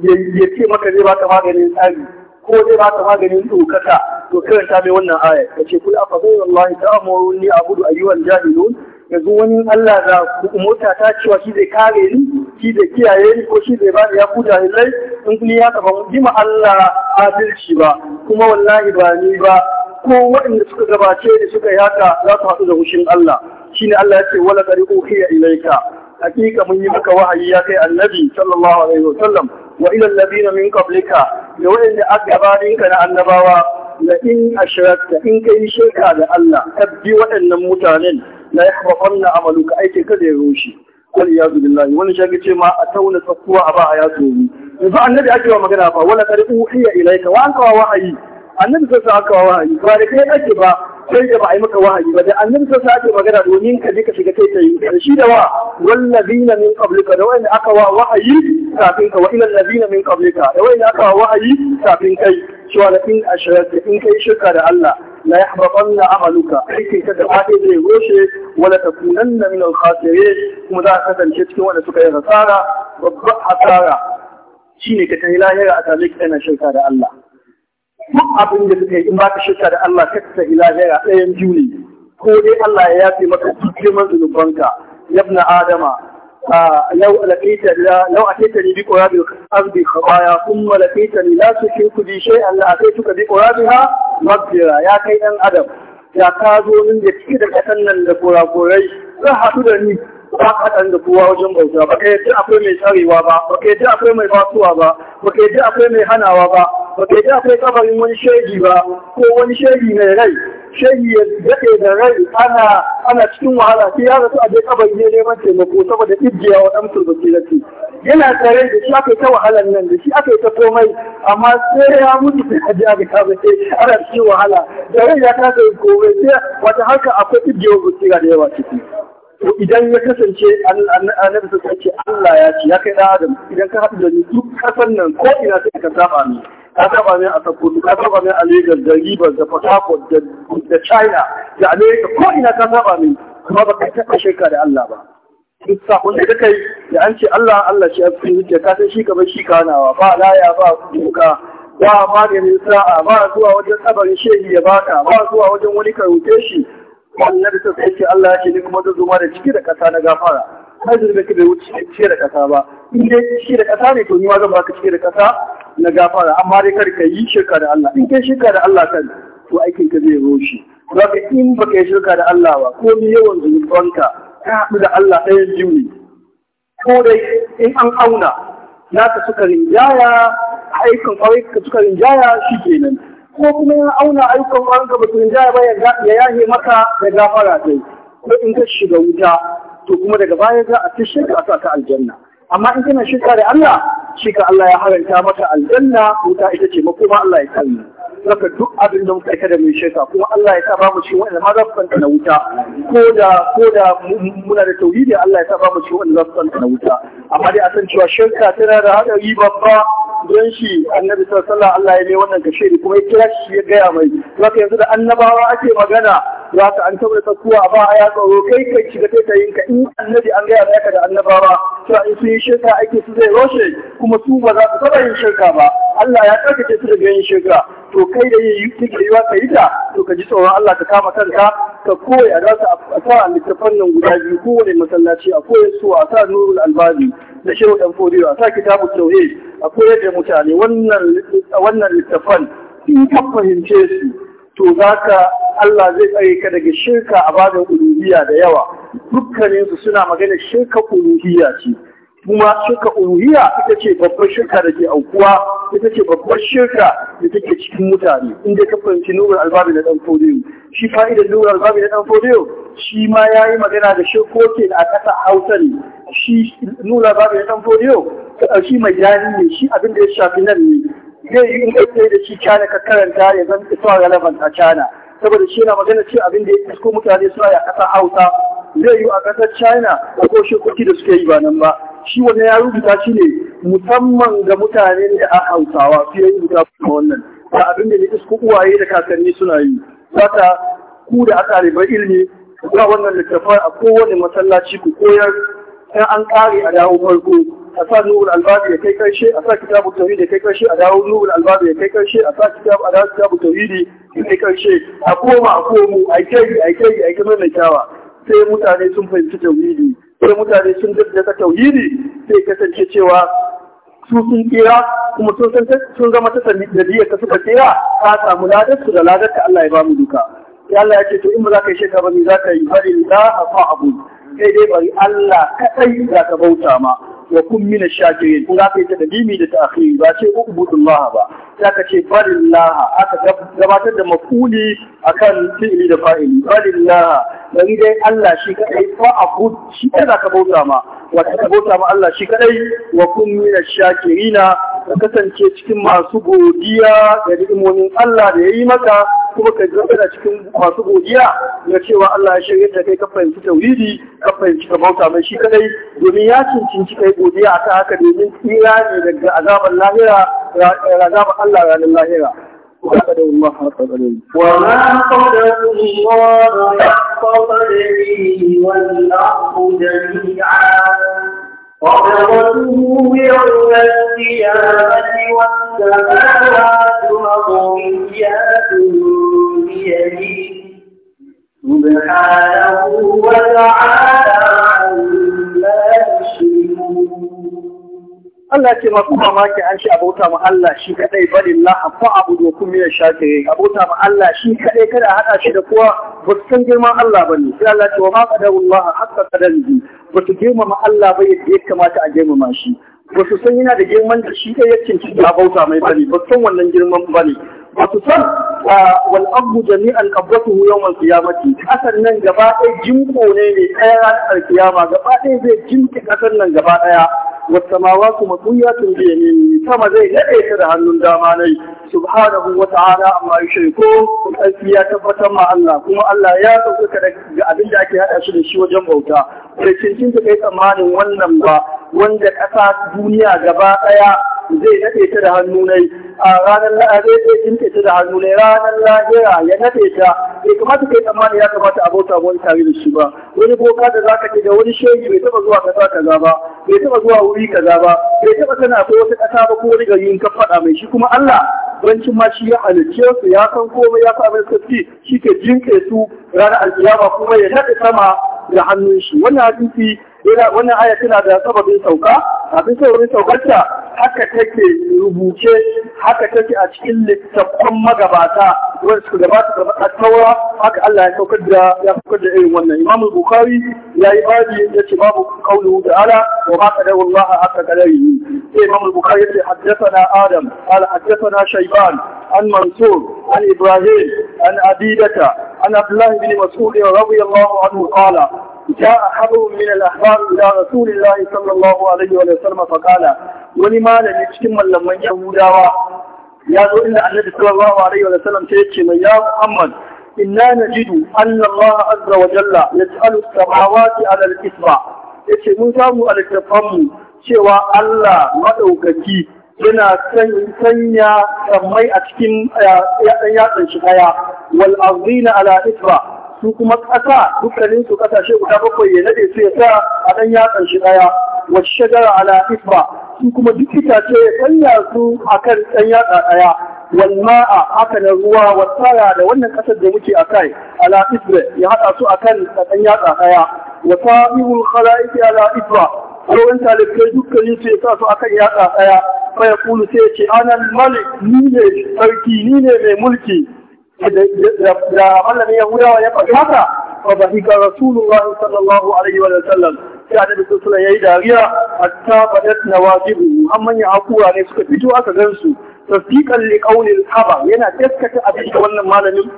ya ce maka zai baka maganin tsari ko zai baka maganin dokata to karanta mai wannan aya kace kul afa ghayra a gudu a'budu ayyuhal jahilun yanzu wani Allah da mota ta cewa shi zai kare ni shi zai kiyaye ni ko shi zai ba da ya kuta ni lai in kun ya kafa mu ma Allah adalci ba kuma wallahi ba ni ba ko waɗanda suka gabace da suka yaka, za su haɗu da hushin Allah shine Allah ya ce wala tariqu hiya ilaika hakika mun yi maka wahayi ya kai annabi sallallahu alaihi wasallam wa ila alladhina min qablika da wanda aka gabaninka na annabawa la in ashrakta in kai shirka da Allah kabbi waɗannan mutanen la amalu, ka aike kada ya rushe wal iyadu billahi wani shagi ce ma a tauna tsakuwa a ba a ya tsoro fa annabi ake wa magana fa wala qad uhiya ilayka wa anka wa wahayi annabi sai aka wa wahayi ba da kai ake ba sai da ba a maka wahayi ba da annabi sai ake magana domin ka je ka shiga kai kai shi da wa wallazina min qablika da wanda aka wa wahayi kafin ka wa ilal ladina min qablika da wani aka wa wahayi kafin kai cewa da in ashirka in kai shirka da Allah la yahbatanna amaluka aikin ka da fadi zai roshe wala takunanna min al-khasirin kuma za ka kasance cikin wanda suka yi hasara babbar hasara shine ka tayi lahira a tare kana shirka da Allah duk abin da suka yi in ba ka shirka da Allah ka kasa ilahira ɗayan biyu ne ko dai Allah ya yafe maka cikin zunubanka ya fi na adama yau alaƙaita da yau ne bi ya a kasar bi kawaya kun malaƙaita ne la su kudi shai Allah Kai suka bi ya ha? magbira ya kai ɗan adam ya ka zo da ciki da ƙasar nan da kurakurai zan haɗu da ni ba ka haɗa da kowa wajen bauta ba ka yadda akwai mai tsarewa ba ba ka yadda akwai mai fasuwa ba ba ka yadda akwai mai hanawa ba ba ka yadda akwai kabarin wani shegi ba ko wani shegi mai rai shegi ya daɗe da rai ana ana cikin wahala sai ya rasu a je kabarin ne neman taimako saboda ijiya wa ɗan turbaki yana tare da shi aka yi ta wahalar nan da shi aka yi ta komai amma sai ya mutu sai a ji aka kama sai ana cikin wahala da rai ya kasa yin komai sai wata haka akwai ijiya wa da yawa ciki to idan ya kasance annabi sai ce Allah ya ce ya kai da adam idan ka haɗu da ni duk kasan nan ko ina sai ka saba ni ka saba ne a Sokoto ka saba ne a Lagos da Rivers da Port Harcourt da China da America ko ina ka saba ne kuma ba ka taɓa shirka da Allah ba duk sabon da kai da an ce Allah Allah shi a cikin zuciya ka san shi ka bar shi kanawa ba laya ba kuka ba maganin sa'a ba zuwa wajen tsabarin shehi ya baka ba zuwa wajen wani karuke shi annabi sai ya ce Allah ya ce ni kuma zan zo ma da ciki da ƙasa na gafara har da kake bai wuce ciki da ƙasa ba in dai ciki da ƙasa ne to ni ma zan baka ciki da ƙasa na gafara amma dai kar ka yi shirka da Allah in kai shirka da Allah kan to aikin ka zai roshi zaka in baka yi shirka da Allah ba ko ni yawan zunubanka ka haɗu da Allah ɗayan biyu ko dai in an auna naka suka rinjaya aikin kwarai suka rinjaya shi kenan ko kuma ya auna ayyukan ka ba su jaya ba ya yahe maka da gafara dai ko in ka shiga wuta to kuma daga baya za a fishe ka a sa ka aljanna amma in kana shirka da Allah shi ka Allah ya haranta maka aljanna wuta ita ce makoma Allah ya kalli zaka duk abin da muka aika da mai shirka kuma Allah ya sa ba mu cikin wannan mazafan na wuta ko da ko da muna da tauhidi Allah ya sa ba mu cikin wannan mazafan na wuta amma dai a san cewa shirka tana da hadari babba don shi annabi sallallahu Allah ya ne wannan kashe ne kuma ya kira shi ya gaya mai zaka yanzu da annabawa ake magana zaka an tabbata kuwa ba a ya tsaro kai kai shiga kai kayin ka in annabi an gaya maka da annabawa to in sun yi shirka ake su zai roshe kuma su ba za su taba yin shirka ba Allah ya tsarkake su daga yin shirka to kai da yi kike yiwa ka yi ta to ka ji tsoron Allah ka kama kanka ka koya za a sa littafan nan guda biyu kowane masallaci a koyar su a sa nurul albabi da shehu ɗan a sa kitabu tauhid a koyar da mutane wannan littafan in ka fahimce su to za ka Allah zai tsare ka daga shirka a babin uluhiyya da yawa dukkaninsu suna magana shirka uluhiyya ce kuma shirka uluhiyya ita ce babbar shirka da ke aukuwa ita ce babbar shirka da take cikin mutane Inda ka fahimci nurul albabi na dan fodiyo shi fa'idar nurul albabi na dan fodiyo shi ma yayi magana da shirkokin a ƙasa Hausa ne shi nurul albabi na dan fodiyo shi mai jani ne shi abin da ya shafi nan ne zai yi in kai da shi cana ka karanta ya zan ita galaban a cana saboda shi yana magana ce abin da ya isko mutane suna a ƙasa Hausa zai yi a ƙasar China a ko shirkoki da suke yi ba nan ba shi wannan ya rubuta shi ne musamman ga mutanen da a hausawa su ya rubuta su wannan Ba abin da ne isku uwaye da kakanni suna yi saka ku da aka riba ilimi ku ga wannan littafai a kowane masallaci ku koyar sai an kare a dawo farko a sa nurul albabi ya kai karshe a sa kitabu tauhid ya kai karshe a dawo nurul albabi ya kai karshe a sa kitabu a dawo kitabu tauhid ya kai karshe a koma a komo a kai a kai a kai mai kyawa sai mutane sun fahimci tauhidi sai mutane sun ta tauhidi sai kasance cewa su sun tsira kuma sun san sun zama ta sanadiyar ka suka kira? ka samu ladar su da ladar ka Allah ya ba mu duka sai Allah ya ce to in ba za ka yi ba me za ka yi bari la afa abu sai dai bari Allah kaɗai za ka bauta ma Wa kun mina shakirin ko za ka yi ta dalimi da akhiri ba ce ubudullah ba sai ka ce farillah aka gabatar da makuli akan fi'ili da fa'ili farillah dan dai Allah shi kadai fa abud shi kadai za ka bauta ma wa ka bauta ma Allah shi kadai wa kun mina shakirina ka kasance cikin masu godiya ga ni'imomin Allah da ya yi maka kuma ka zama kana cikin masu godiya ga cewa Allah ya shirya da kai ka fahimci tauhidi ka fahimci ka bauta mai shi kadai domin ya cincinci kai godiya a ta haka domin tsira ne daga azabar lahira azabar Allah ranar lahira وما الله حق قدره والأرض جميعا قبضته يوم القيامة والسماوات مطويات بيمينه سبحانه وتعالى عما يشركون Allah ce ma kuma mamaki an shi abota ma Allah shi kadai bari Allah fa abudu kun shafi shakiri abota ma Allah shi kadai kada hada shi da kowa ba san girman Allah bane sai Allah ce wa ma qadarullah hatta qadarihi ba su girmama Allah ba yadda ya kamata a girmama shi ba su san yana da girman da shi kai yakin cinci da bauta mai bari ba su san wannan girman bane ba su san wal abu jami'an qabbatuhu yawm al qiyamati kasan nan gaba ɗaya jinko ne ne tsaya ranar kiyama gaba ɗaya zai jinki kasan nan gaba ɗaya wasamawatu matuyatun bi yamini sama zai dade ta da hannun dama ne. subhanahu wa ta'ala amma ko ƙarfi ya tabbatar ma Allah kuma Allah ya sauka ga abin da ake hada shi da shi wajen bauta Sai cikin ta kai tsammanin wannan ba wanda ƙasa duniya gaba ɗaya zai naɗe ta da hannu ne a ranar lahira zai jinta ta da hannu ne ranar lahira ya naɗe ta bai kamata kai tsammani ya kamata a bauta wani tare da shi ba wani boka da zaka ce da wani shehi bai taba zuwa kaza kaza ba bai taɓa zuwa wuri kaza ba bai taɓa sana akwai wata ƙasa ba ko wani gari in ka faɗa mai shi kuma Allah bancin ma shi ya halicce su ya san komai ya sa sassi shi ke jinke su ranar alkiyama kuma ya naɗe sama da hannun shi wannan hadisi yana wannan aya tana da sababin sauka abin saurin saukarta haka take rubuce haka take a cikin littattafan magabata wanda suka gabata da taura haka Allah ya saukar da ya saukar da irin wannan Imam Bukhari ya yi babi ya ce babu qawluhu ala wa ma qadara Allah haka qadarihi sai Imam Bukhari ya ce haddathana Adam qala haddathana Shaiban, an Mansur an Ibrahim an Abidata an abdullahi ibn Mas'ud radiyallahu anhu qala جاء حبر من الأحبار إلى رسول الله صلى الله عليه وسلم فقال ولما لم يجتم لمن يهودا يا ذو إلا النبي صلى الله عليه وسلم تيجم يا محمد إنا نجد أن الله عز وجل يجعل السماوات على الإسراء yace mun samu a littafanmu cewa Allah maɗaukaki yana sanya sammai a cikin yatsan shi daya wal ardina ala isra su kuma ƙasa dukkanin su ƙasashe guda bakwai ya nade su ya sa a ɗan yatsan shi ɗaya wa shagara ala isba su kuma duk itace ya sanya su a kan ɗan yatsa ɗaya walma'a haka na ruwa wa wasaya da wannan ƙasar da muke a kai ala ya haɗa su a kan ɗan yatsa ɗaya wasa'ihul khala'iki ala isba sauran talibai dukkanin su ya sa su a kan yatsa ɗaya fa ya kulu sai ya ce anan malik ni ne sarki ni ne mai mulki da mallamin yahudawa ya faɗi haka fa bahika rasulullahi sallallahu alaihi wa sallam sai annabi sallallahu yayi dariya hatta badat nawajibu amman ya akura ne suka fito aka gansu tasdiqan li haba yana gaskata abin da wannan malamin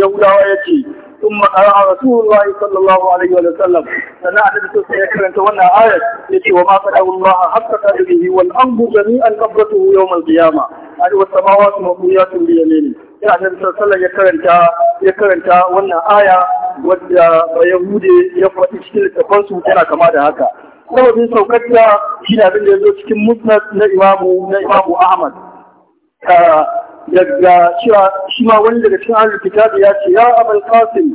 yahudawa yace ثم قرأ رسول الله صلى الله عليه وسلم سنة عدد سيكرن تونا آية يتي وما قدعه الله حق قدره والأرض جميعا قبضته يوم القيامة أي والسماوات مبنيات بيمينه Yana da sallallahu ya karanta ya karanta wannan aya wadda Yahude ya faɗi cikin littafansu tana kama da haka sababin saukarta shi ne abin da ya zo cikin musnad na imamu na imamu ahmad daga cewa shi ma wani daga cikin ahlul kitabi ya ce ya abul qasim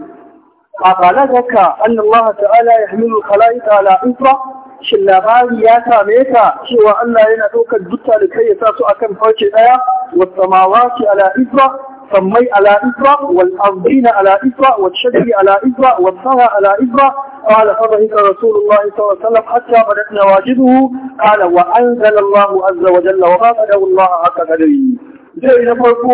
a balagaka anna allah ta'ala yahmilu khalaiqa ala infra shin labari ya same ka cewa allah yana ɗaukar duk kai ya sa su akan farce ɗaya wa samawati ala infra sammai ala isra wal ardina ala isra wal shajri ala isra wal sama ala isra qala fa hiya rasulullah sallallahu alaihi wasallam hatta badatna wajiduhu qala wa anzala allah azza a jalla wa qadahu allah zai na farko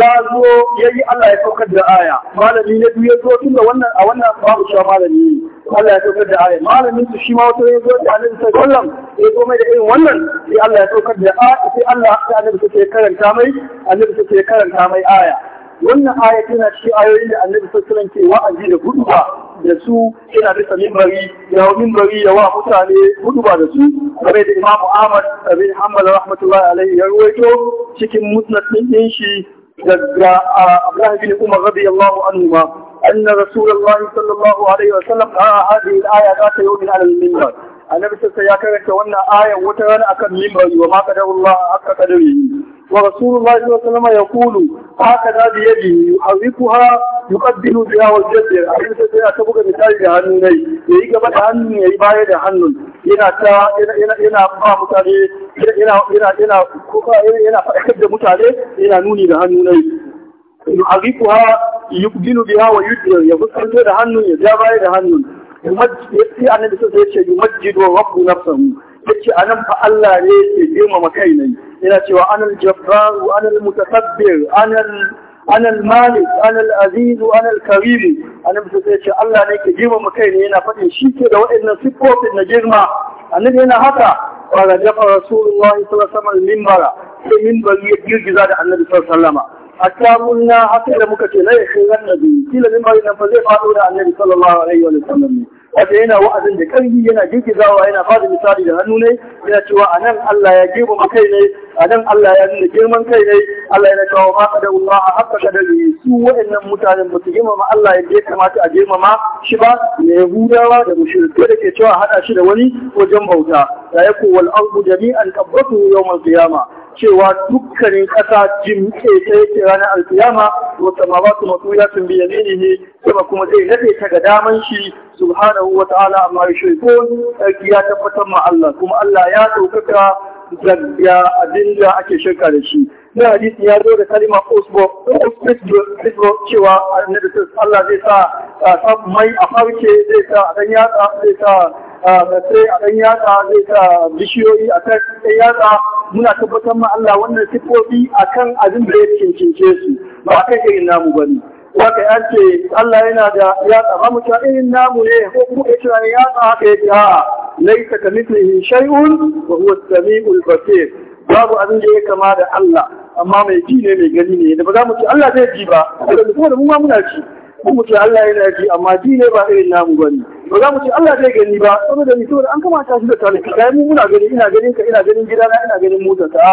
ya zo ya yi Allah ya saukar da aya malami na biyu ya zo tun da wannan a wannan babu shi malami Allah ya saukar da aya malamin su shi ma wato ya zo da annabi sallallahu alaihi wasallam ya zo mai da irin wannan sai Allah ya saukar da aya sai Allah sai annabi sai karanta mai annabi sai karanta mai aya wannan aya tana cikin ayoyin da annabi sassaran ke wa'azi da huduba da su yana bisa mimbari ya hau mimbari ya wa mutane huduba da su kamar da imamu ahmad abin hamal rahmatullahi alaihi ya ruwaito cikin musnad ɗin shi daga abdullahi bin umar radiyallahu anhu ma أن رسول الله صلى الله عليه وسلم رأى هذه الآية ذات يوم على المنبر annabi sai ya karanta wannan ayan wata rana akan mimbari wa ma qadarullah haka qadari wa rasulullahi sallallahu alaihi wasallam yaqulu haka da bi yadi yuhawikuha yuqaddilu biha wal jabr annabi sai ya buga misali da hannu ne yayi gaba da hannu yayi baya da hannu, yana ta yana yana ba mutane yana yana yana yana faɗakar da mutane yana nuni da hannu ne yuhawikuha yuqdilu biha wa yudbir ya fuskanto da hannu ya ja baya da hannu. sai annabi sai ya ce yumajjidu rabbu nafsahu yace anan fa Allah ne ke girmama kai ne yana cewa anal jabbaru anal mutakabbir anal anal malik anal azizu anal karim annabi sai ce Allah ne ke girmama kai ne yana faɗin shi ke da waɗannan sifofin na girma annabi yana haka wa rajafa rasulullahi sallallahu alaihi wasallam mimbara sai minbari ya girgiza da annabi sallallahu alaihi wasallam hatta munna haka da muka ce la yashiran nabi kila min bayyana fa zai faɗo da annabi sallallahu alaihi wa sallam wanda yana wa'azin da ƙarfi yana girgizawa yana fada misali da hannu ne yana cewa a nan Allah ya girmama kai ne a nan Allah ya nuna girman kai ne Allah yana cewa ma kada Allah a haka kada ne su waɗannan mutanen ba su girmama Allah yadda ya kamata a girmama shi ba da Yahudawa da mushrikai da ke cewa haɗa shi da wani wajen bauta da ya kowal ardu jami'an qabbatu yawmal qiyamah cewa dukkanin ƙasa jim ta yake ke ranar alkiyama wa samawatu biya ne ne sama kuma zai nade ta ga daman shi subhanahu wa ta'ala amma yushrikun sarki ya tabbatar ma Allah kuma Allah ya ɗaukaka daga abin da ake shirka da shi na hadisi ya zo da kalima osbo cewa annabi Allah zai sa mai a farke zai sa a dan yatsa zai sa Ah, da sai a ɗan yatsa zai sa bishiyoyi a kan ɗan yatsa muna tabbatar ma Allah wannan sifofi a kan abin da ya cincince su ba a kan irin namu ba ne. Waka ya ce Allah yana da yatsa ba mu irin namu ne ko kuma ya ce yatsa haka ya ce a'a Lai ka mislihi shay'un wa huwa samiul basir babu abin da ya kama da Allah amma mai ji ne mai gani ne da ba za mu ce Allah zai ji ba saboda mu ma muna ji mu ce Allah yana ji amma ji ne ba irin namu ne. ba za mu ce Allah zai gani ba saboda ni saboda an kamata shi da talaka kai mu muna gani ina ganin ka ina ganin gidana ina ganin motar a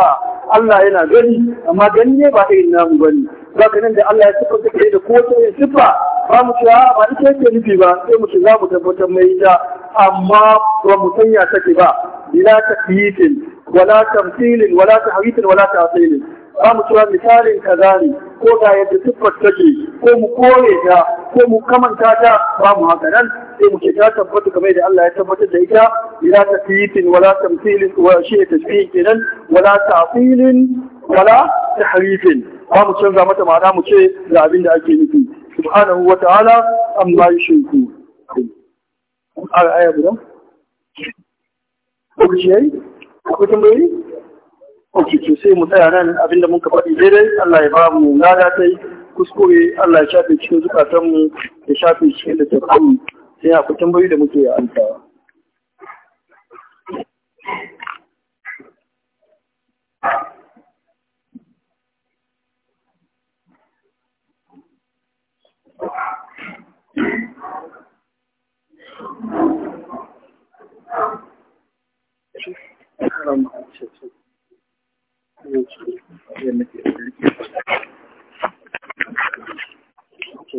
Allah yana gani amma gani ne ba irin namu bane Ba ka nan da Allah ya siffanta kai da kowace irin sifa ba mu ce ba ita yake nufi ba sai mu ce za mu tabbatar mai ita amma ba mu sanya take ba bila takyitin wala tamthilin wala tahwitin wala ta'tilin za mu cewa misalin kaza ne ko ga yadda siffar take ko mu kore ta ko mu kamanta ta ba mu haka nan sai mu ce ta tabbata kamar da Allah ya tabbatar da ita ila tafiyifin wala tamthilin wa shi tasbih kenan wala ta'wilin wala tahrifin ba mu canza mata ma'ana mu ce ga abin da ake nufi subhanahu wa ta'ala amma yushriku al aya guda ko ki yayi akwai tambayoyi Oke, sai mu tsaya nan abinda mun ka faɗi daidai Allah ya ba mu lada kuskure Allah ya shafe cikin zukatanmu ya shafe cikin da sai a akwai tambayoyi da muke antawa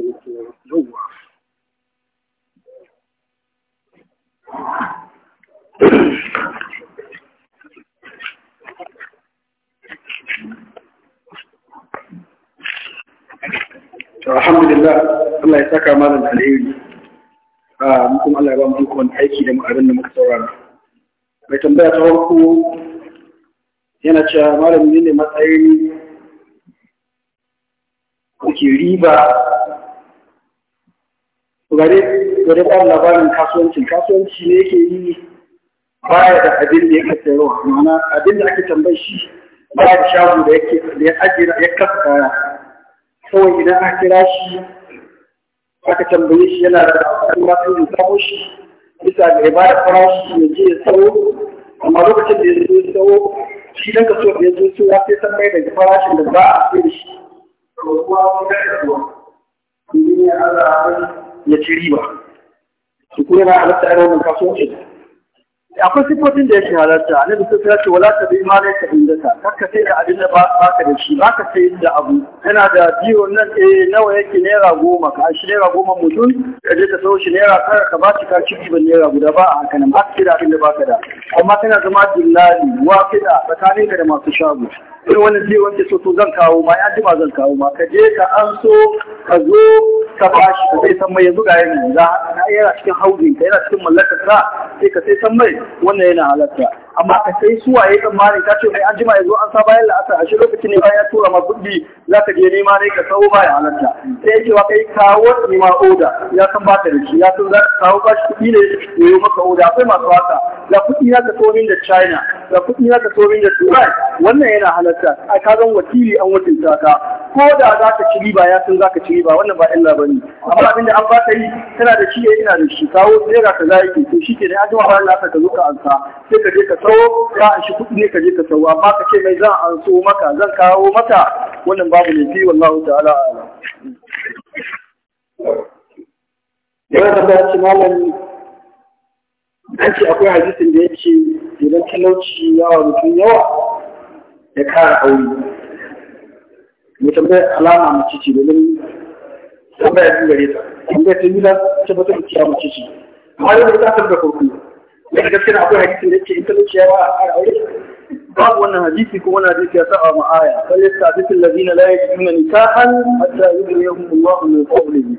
Thank you. alhamdulillah Allah ya saka malam alheri a ah, mutum Allah ya ba mu ikon aiki da abin da muka saurara mai tambaya ta farko yana cewa malam ne matsayin kuke riba gare gare ba labarin kasuwancin kasuwanci ne yake yi baya da abin da yake sayarwa ma'ana abin da ake tambayar shi baya da shago da yake ya ajiye ya kasa kaya kawai idan aka kira shi aka tambaye shi yana da kuma masu ya kawo shi bisa ga ibada farashi ya je ya tsawo, amma lokacin da ya zo ya tsawo, shi dan kaso da ya zo so ya sai san mai da farashin da za a da shi kuma ya ya ci riba su kuma yana halatta irin wannan kasuwancin akwai sifofin da yake halatta annabi sai ya ce wala ta bi ma laysa indaka kakka sai da abin da ba ka da shi ba ka sai da abu kana da biyo nan eh nawa yake naira goma ka shi naira goma mutum ka je ka sayo shi naira kar ka ba shi ka ci ban naira guda ba a haka nan ba ka da abin da ba ka da amma kana zama dillali wa kida tsakaninka da masu shago irin wani zai wanke so to zan kawo ma ya jima zan kawo ma ka je ka an so ka zo ka bashi ka sai san mai yanzu ga yanzu za yana cikin haujin yana cikin mallakar ka sai ka sai san mai wannan yana halatta amma ka sai suwa ya tsammani ka ce mai an jima ya zo an sa bayan la'asar a shi lokacin ne bayan tura ma kuɗi za ka je nema ne ka sau baya halarta sai ya ce wa kai kawo nema oda ya san ba ta da ya san za ka kawo ba shi kuɗi ne ya yi maka oda akwai masu haka ga kuɗi na ka tsohon da china ga kuɗi na ka tsohon da turai wannan yana halarta a ka zan wakili an wakilta ka ko da za ka ci riba ya san za ka ci riba wannan ba illa ba ne amma abinda an ba ta yi tana da shi ya eh, ina da shi kawo naira ka za ki to shi ke ne an jima bayan la'asar ka zo ka ansa sai ka je ka tsawo ka shi kuɗi ne ka je ka tsawo amma ka ce mai zan an so maka zan kawo mata. wannan babu fi wallahu ta'ala ala yau da ba ce malam an ce akwai hadisin da ya ce idan talauci yawa mutum yawa ya kara aure mu tambaya alama mace ce domin tambaya gare ta tambaya ta yi na tabbatar da ciya mace ce amma yau da ta tabbata farko da gaskiya akwai hadisi da ke in ta zuciya ba a ƙara aure babu wannan hadisi ko wannan hadisi ya saba ma aya bal yastafitu alladhina la yajiduna nikahan hatta yughniyahum Allah min fadlihi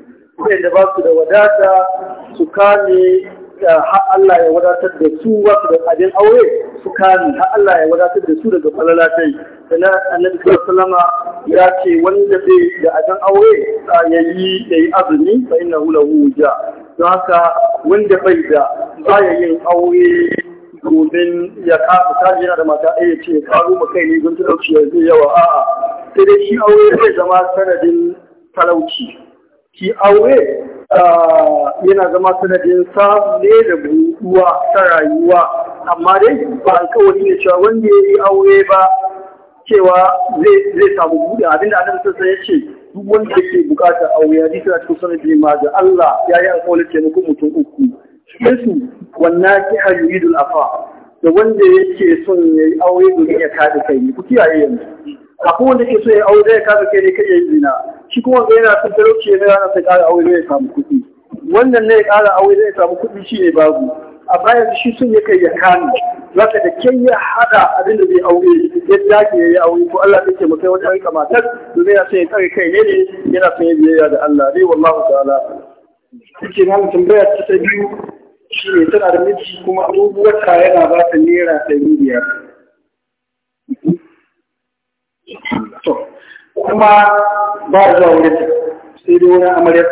sai da ba su da wadata su kame har Allah ya wadatar da su ba su da abin aure su kame har Allah ya wadatar da su daga falalatai sannan annabi sallallahu alaihi ya ce wanda bai da abin aure ya yi azumi fa innahu lahu wuja don haka wanda bai da baya yin aure domin ya kafa kaji yana da mata ɗaya eh, ce ya karo ma kai ne don talauci ya zai yawa a'a sai dai shi aure zai zama sanadin talauci shi aure ah, yana zama sanadin samu ne da buɗuwa ta rayuwa amma dai ba alkawari ne cewa wanda ya yi aure ba cewa zai samu buɗe abinda annabi sassan ya ce duk wanda yake a aure hadisi na cikin sanar da ma ga Allah ya yi alƙawarin taimakon mutum uku su, wannan ki hayyidul afa da wanda yake son ya yi aure da ya kada kai ku kiyaye yanzu akwai wanda ke so ya aure ya kada kai ne kai yi zina shi kuma ga yana son talauci ne yana son kara aure ya samu kuɗi wannan ne ya kara aure ya samu kuɗi shi ne babu a baya shi sun ya kai ya kani zaka da kai ya hada abin da zai aure ya yake ya yi aure ko Allah zai taimaka wajen rika matar da yana son ya tsare kai ne yana son ya biyayya da Allah ne wallahi ta'ala yake nan tambaya ta biyu shi ne tana da miji kuma abubuwan ta yana ba ta ta yi biyar kuma ba zuwa wurin sai dai wani amaryar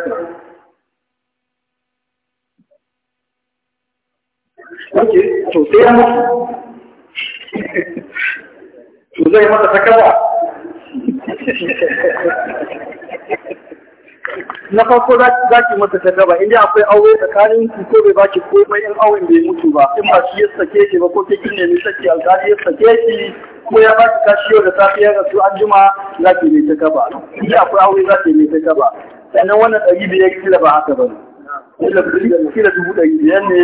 na farko za ki mata ta gaba inda akwai aure tsakanin ki ko bai baki komai in auren bai mutu ba in ba shi ya sake shi ba ko ke kin nemi saki alƙali ya sake ki ko ya baki kashi yau da safe ya rasu an juma za ki mai ta gaba inda akwai aure za ki mai ta gaba sannan wannan ɗari biyar kila ba haka ba ne kila dubu ɗari biyar ne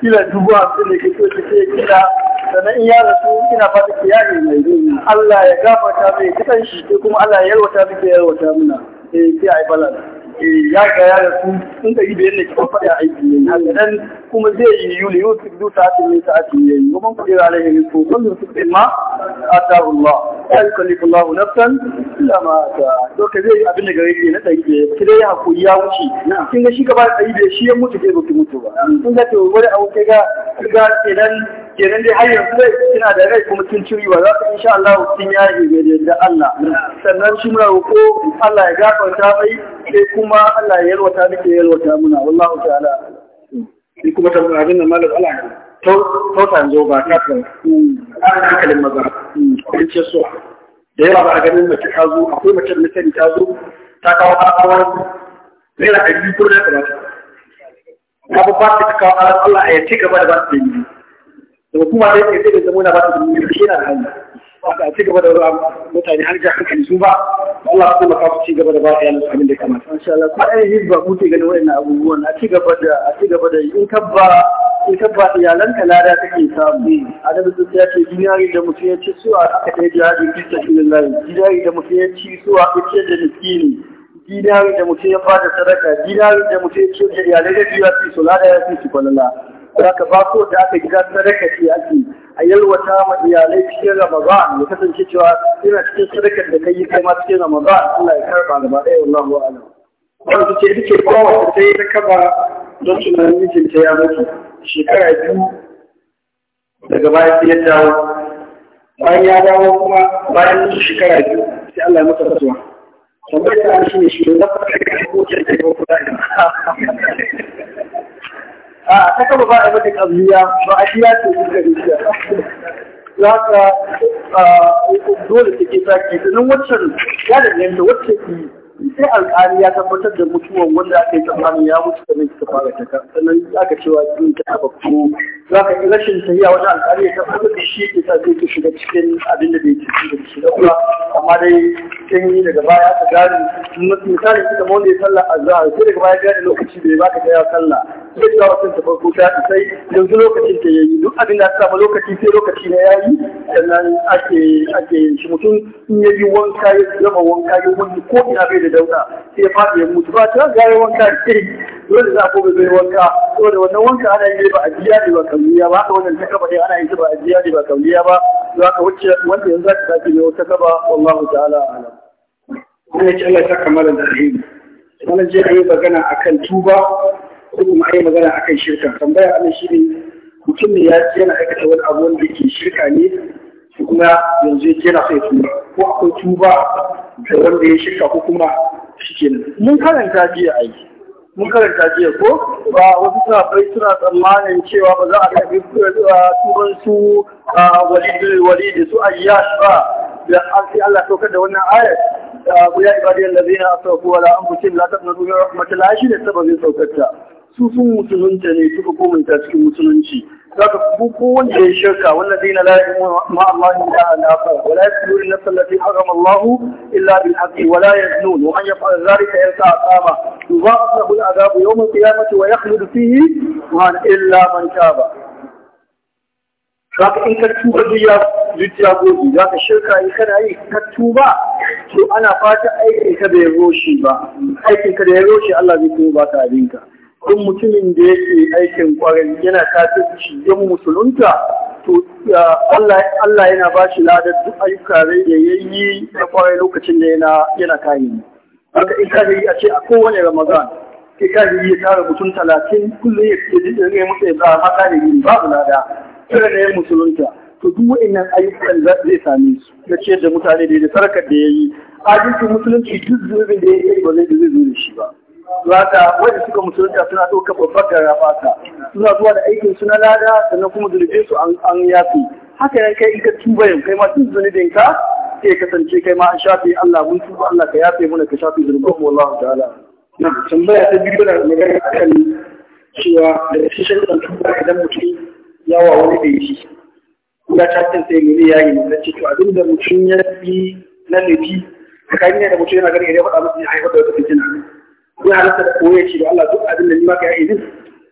kila kila dubu hamsin ne kito ki ce kila sannan in ya rasu ina fata ki yaye mai Allah ya gafarta mai kitan shi kuma Allah ya yarwata miki ya yarwata muna eh sai ai balance ya gaya da su sun ka yi da yadda faɗi a aiki ne na dan kuma zai yi yuli yau su zo ta atin ta atin ne kuma ku dira da yin ko kun su ce ma a ata Allah al kallifu Allah nafsan illa ma ta to ka zai abin da gare na dai ke ki dai hakuri ya wuce kin ga shi gaba da dai shi ya mutu bai mutu mutu ba kin ga to wani abu kai ga ga idan kenan dai har yanzu dai ina da rai kuma tun ciri ba za ka insha Allah kin yaye da yadda Allah sannan shi muna roko Allah ya gafarta mai sai kuma Allah ya yalwata muke yalwata muna wallahi ta'ala ni kuma tabbata abin da malam Allah tautan zo ba ta kan an hankalin maza in ce so da yawa ba a ganin mace ta zo akwai mace da sani ta zo ta kawo ƙarawar naira ɗari biyu ko da ta ba ta ba ta kawo Allah ya ci gaba da ba ta yi da kuma da yake sai da zama na ba ta duniya shi na da hanya haka a ci gaba da mutane har ga hankali su ba Allah su maka su ci gaba da ba ya yana abin da kamata insha Allah ko ai hibba kuke ganin wayannan abubuwan a ci gaba da a ci gaba da in kabba in kabba iyalanka lada take samu mm. adabi su ya ce dinari da mutum ya ci suwa aka kai jihadin fi sabilillah dinari da mutum ya ci suwa aka ce da miskini dinari da mutum ya bada sadaka dinari da mutum ya ce da iyalai da biya fi sulada ya fi su kwalala ka ba ko da aka gida sadaka ce ake a yalwata ma iyalai cikin Ramadan ya kasance cewa yana cikin sadakar da kai kai ma cikin Ramadan Allah ya karba gaba ɗaya wallahu a'lam wannan ce ita ce da ta yi ta kaba don tunanin mijinta ya mutu shekara biyu daga baya sai ya dawo bayan ya dawo kuma bayan mutu shekara biyu sai Allah ya masa fatuwa tambayar ta shi ne shi ne na fara kai ko ce ta yi wa kuɗa a ta kama ba a mata ƙabliya ba a shiya ce duka rijiya za ka dole take sake sannan waccan ya danganta wacce ki sai alƙali ya tabbatar da mutuwan wanda aka yi tsammanin ya mutu sannan ki ta fara taka sannan aka cewa kin ta ko za ka yi rashin tafiya wani alƙali ya tabbatar da shi ke sa zai ki shiga cikin abin da bai ci da shi da kuma amma dai kin yi daga baya ka gane misali kuma wanda ya sallah azhar sai daga baya gane lokaci bai baka da ya sallah sai da wata ta farko ta sai yanzu lokacin ta yayi duk abin da ta lokaci sai lokaci ne yayi sannan ake ake yin shi mutum in ya yi wanka ya zama wanka ya wani ko ina bai da dauka sai ya faɗi ya mutu ba ta ga wanka sai dole za ko bai wanka saboda wannan wanka ana yi ba a biya ne ba kauliya ba haka wannan takaba dai ana yin ta ba a ne ba kauliya ba za ka wuce wanda yanzu za ka sake ne wata kaba wallahu ta'ala alam wannan ce Allah ta kamala da rahim wannan je an yi magana kan tuba ko kuma a yi magana kan shirka tambaya an shi ne mutum ne ya ce yana aikata wani abu wanda ke shirka ne kuma yanzu ya yana sai tuba ko akwai tuba da wanda ya shirka ko kuma shi ke nan? mun karanta jiya aiki mun karanta jiya ko ba wasu sahabbai suna tsammanin cewa ba za a karbi uh, tuban su uh, wali da su ayyash ba da an sai Allah saukar da wannan ayat uh, ya ibadiyar lazina asafu wala anfusihim la taqnatu min rahmatillah shi ne sababin saukarta su musulunta ne suka komanta cikin musulunci Za ka fi kowanne ya shirka wannan dai na lafi ma Allah ya da alafa wala yasbiru nafsa allati harama Allah illa bil haqqi wala yaznun wa man yaf'al dhalika yasa asaba yudha'af lahu al adab yawm al qiyamati wa yakhlud fihi wa illa man ba. zaka in ka tuba duya zuciya gobe Za ka shirka in kana yi ka tuba to ana fata aikin ka bai roshi ba aikin ka da ya roshi Allah zai tuba ka abinka duk mutumin da yake aikin kwarai yana shi yan musulunta to Allah yana ba shi ladar duk ayyuka da yi na kwarai lokacin da yana yana kayi haka in yi a ce a kowane ramadan ke yi ya tara mutum talatin kullum ya ke jin ne mutu ya zama haka da yin babu lada kira 'yan musulunta to duk wa'annan ayyukan zai same su na ce da mutane da sarkar da ya yi. A adalcin musulunci duk zurbin da ya yi ba zai zai zo da shi ba Zaka wanda suka musulunta suna ɗaukar babbar da garabata suna zuwa da aikin suna lada sannan kuma zurbe su an yafi haka nan kai in ka tuba yau kai ma tun zunubin ka sai kasance kai ma an shafe Allah mun tuba Allah ka yafe mana ka shafe zunuban mu Allah ta'ala. Na tambaya ta biyu da magana akan cewa da cikin ɗan tuba idan mutum yawa wani da yi ya cacin sai mene ya yi na ce to abinda mutum ya yi na laifi kan da mutum yana ganin ya faɗa musu ya haifar da wata fitina ya rasa da koye shi da Allah duk abin da ni maka ya idin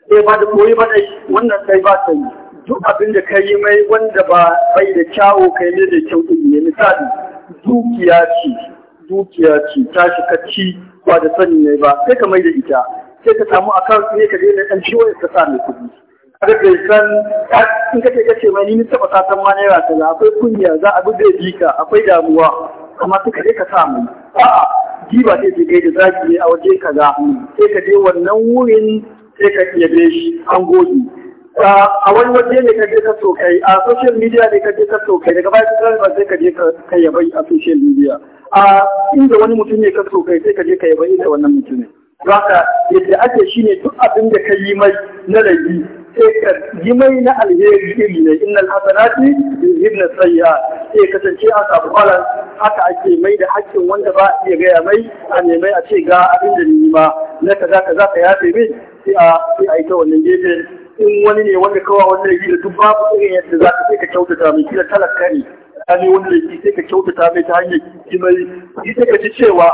sai eh, ba da koye ba dai wannan sai ba ta yi duk abin da kai mai wanda ba bai da kyawu kai ne da kyau din ne misali dukiya ce dukiya ce ta shi ba da sani ne ba sai ka mai da ita sai ka samu akan ne ka daina dan ciwo ka sa mai kuɗi kada bai san in ka ce kace mai ni taba satan ma naira kaza akwai kunya za a bi da akwai damuwa amma ka je ka sa mai a'a ba sai su kai da zaki ne a waje kaza sai ka je wannan wurin sai ka yabe shi an goge a wani waje ne ka je ka so kai a social media ne ka je ka so kai daga baya ba sai ka je ka yabai a social media a inda wani mutum ne ka so kai sai ka je ka yabai inda wannan mutum ne haka yadda ake shi ne duk abin da ka yi mai na rabi ka yi mai na alheri iri ne innal hasanati yuzhibna sayyi'at sai kasance a samu haka ake mai da hakkin wanda ba iya gaya mai a mai a ce ga abin da ni ma. na kaza kaza ka yafe min sai a sai a yi ta wannan gefen in wani ne wanda kawai wannan yi da duk babu irin yadda za ka sai ka kyautata mai kila talaka ne ne wanda yake sai ka kyautata mai ta hanyar kimai sai ka ci cewa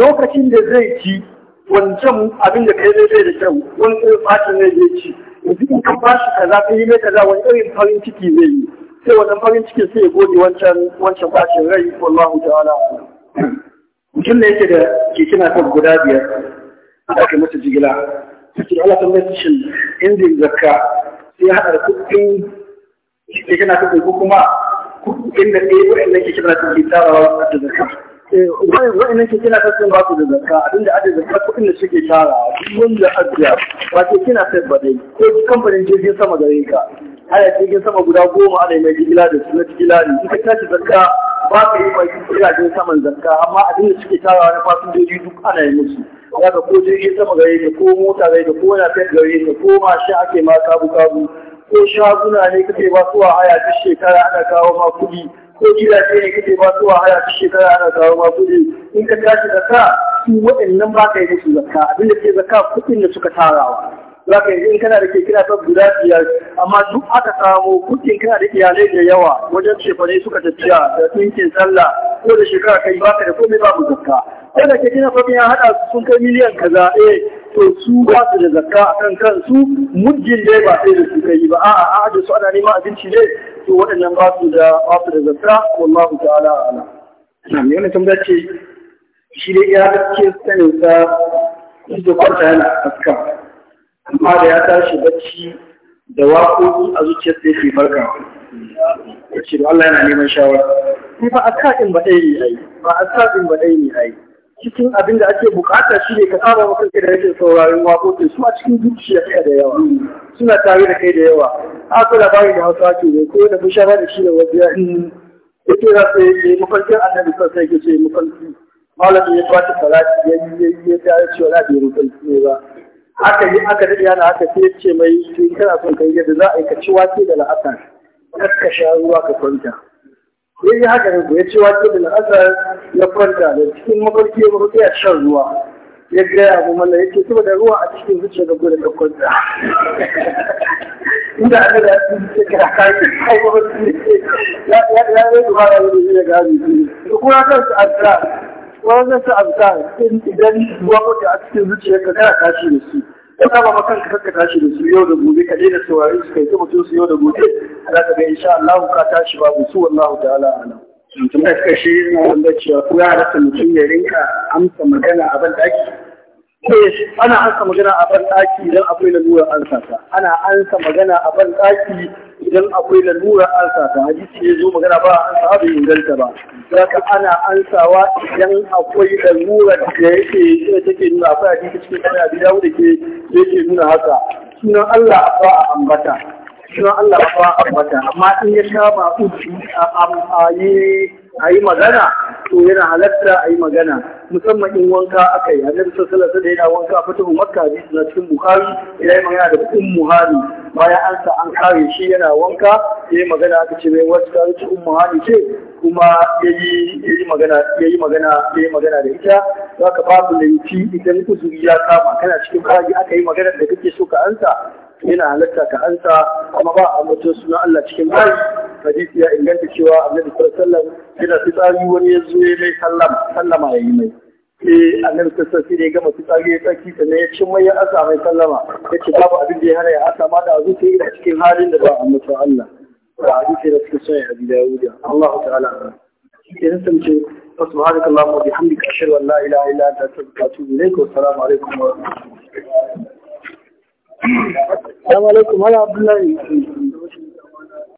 lokacin da zai ci wancan abin da kai zai da kyau wani irin fatin ne zai ci yanzu in kan ba shi kaza ka yi mai kaza wani irin farin ciki zai yi sai wannan farin ciki sai ya gode wancan wancan fashin rai wallahu ta'ala mutum da yake da keke na kan guda biyar da aka mata jigila sai Allah ta mai shin indin zakka sai ya hada kuɗin keke na kan ko kuma kuɗin da ɗaya wa'annan keke na kan ke tarawa da zakka Eh, wa'annan ke kina kasan ba su da zakka abinda adadin zakka kuɗin da suke tara duk wanda ajiya ba ke kina sai ba dai ko kamfanin jirgin sama gare ka haya jirgin sama guda goma ana yi mai jigila da su na jigila ne in ka tashi zakka ba ka yi mai jiragen saman zakka amma abinda suke tara na fasinjoji duk ana yi musu ya ka ko jirgin sama gare ka ko mota gare ka ko na afiyar gare ka ko mashin ake ma kabu kabu ko shaguna ne kake ba suwa haya duk shekara ana kawo ma kuɗi ko gidaje ne kake ba su wahala ta shekara ana kawo ma kuɗi in ka tashi zakka su waɗannan ba ka yi musu zakka abin da ke zakka kuɗin da suka tarawa za ka yi in kana da ke kira guda biyar amma duk aka samu kuɗin kana da iyalai da yawa wajen shefane suka tafiya da tsinkin sallah ko da shekara kai ba ka da komai babu zakka ko da ke kina fafin ya haɗa sun kai miliyan kaza eh to su ba su da zakka a kan kansu mujin dai ba sai da su kai ba a'a a aje su ana neman abinci ne su waɗannan ba su da ba su da zakka wallahu ta'ala ala na me wannan tambaya ce shi dai ya gaske sanin sa su da kwanta yana aska amma da ya tashi bacci da waƙoƙi a zuciyar sai ke farka ya ce Allah yana neman shawara ba a sa'in ba ɗaya ne yi ba a sa'in ba ɗaya ne ai cikin abin da ake bukata shi ne ka saba maka kai da yake sauraron waƙoƙin, su a cikin zuciya kai da yawa suna tare da kai da yawa haka da bayan da hausa ke ne ko da bishara da shi da wajiya a ya ce za su yi mafarkin annabi sosai ke ce mafarki malamin ya fata salati ya yi ya ce cewa na bai mafarki ne ba aka yi aka daɗe yana aka sai ce mai kana son kai yadda za a yi ka ci wake da la'asar kar ka sha ruwa ka kwanta ya yi haka ne ya ce wato da asar ya kwanta da cikin mafarki ya mafarki a shan ruwa ya gaya abu mala ya ce saboda ruwa a cikin zuciya da gudun da kwanta inda aka da su ce kira kayi kai mafarki ya ya zuwa duba da wani ne ga abin da kuma kan su azkar kuma kan su azkar idan ruwa a cikin zuciya ka kara kashi da su ka saba ma ka kanka tashi da su yau da gobe ka daina saurari su kai ta mutum su yau da gobe za ka ga insha Allah ka tashi babu su wallahu ta'ala alam mutum da kashi na wanda cewa ko ya rasa mutum ya rinka amsa magana a ban daki eh, ana amsa magana a ban daki idan akwai lalura an sata ana amsa magana a ban daki idan akwai lalura an sa ta hadisi ya zo magana ba an sa inganta ba Za ka ana ansawa idan akwai lalura da yake da take nuna akwai hadisi cikin kana bi dawo da ke ke nuna haka sunan Allah ba a ambata sunan Allah ba a ambata amma in ya kama uji a yi magana to yana halatta a yi magana musamman in wanka aka yi annabi sallallahu alaihi yana wanka a makka hadisi na cikin Buhari. Ya yi magana da ummu hani bayan an sa an kare shi yana wanka yayi magana aka ce mai wasu kare ci ummu hani ce kuma yayi yayi magana yayi magana yayi magana da ita zaka babu laifi idan uzuri ya kama kana cikin kaji aka yi magana da kake so ka ansa yana halatta ka ansa kuma ba a mutum suna Allah cikin bai hadisi ya inganta cewa annabi sallallahu alaihi wasallam yana fitsari wani ya zo ya mai sallama sallama ya yi mai eh annabi sallallahu alaihi ya gama fitsari ya tsaki sannan ya cin mai ya asa mai sallama ya ce babu abin da ya hana ya asa ma da azu sai da cikin halin da ba a mutum Allah ba hadisi da cikin sunan Abi Dawud Allah ta'ala idan sun ce سبحانك اللهم وبحمدك اشهد ان لا اله الا انت استغفرك واتوب اليك والسلام عليكم ورحمه الله Assalamu alaikum, Mala Abdullahi.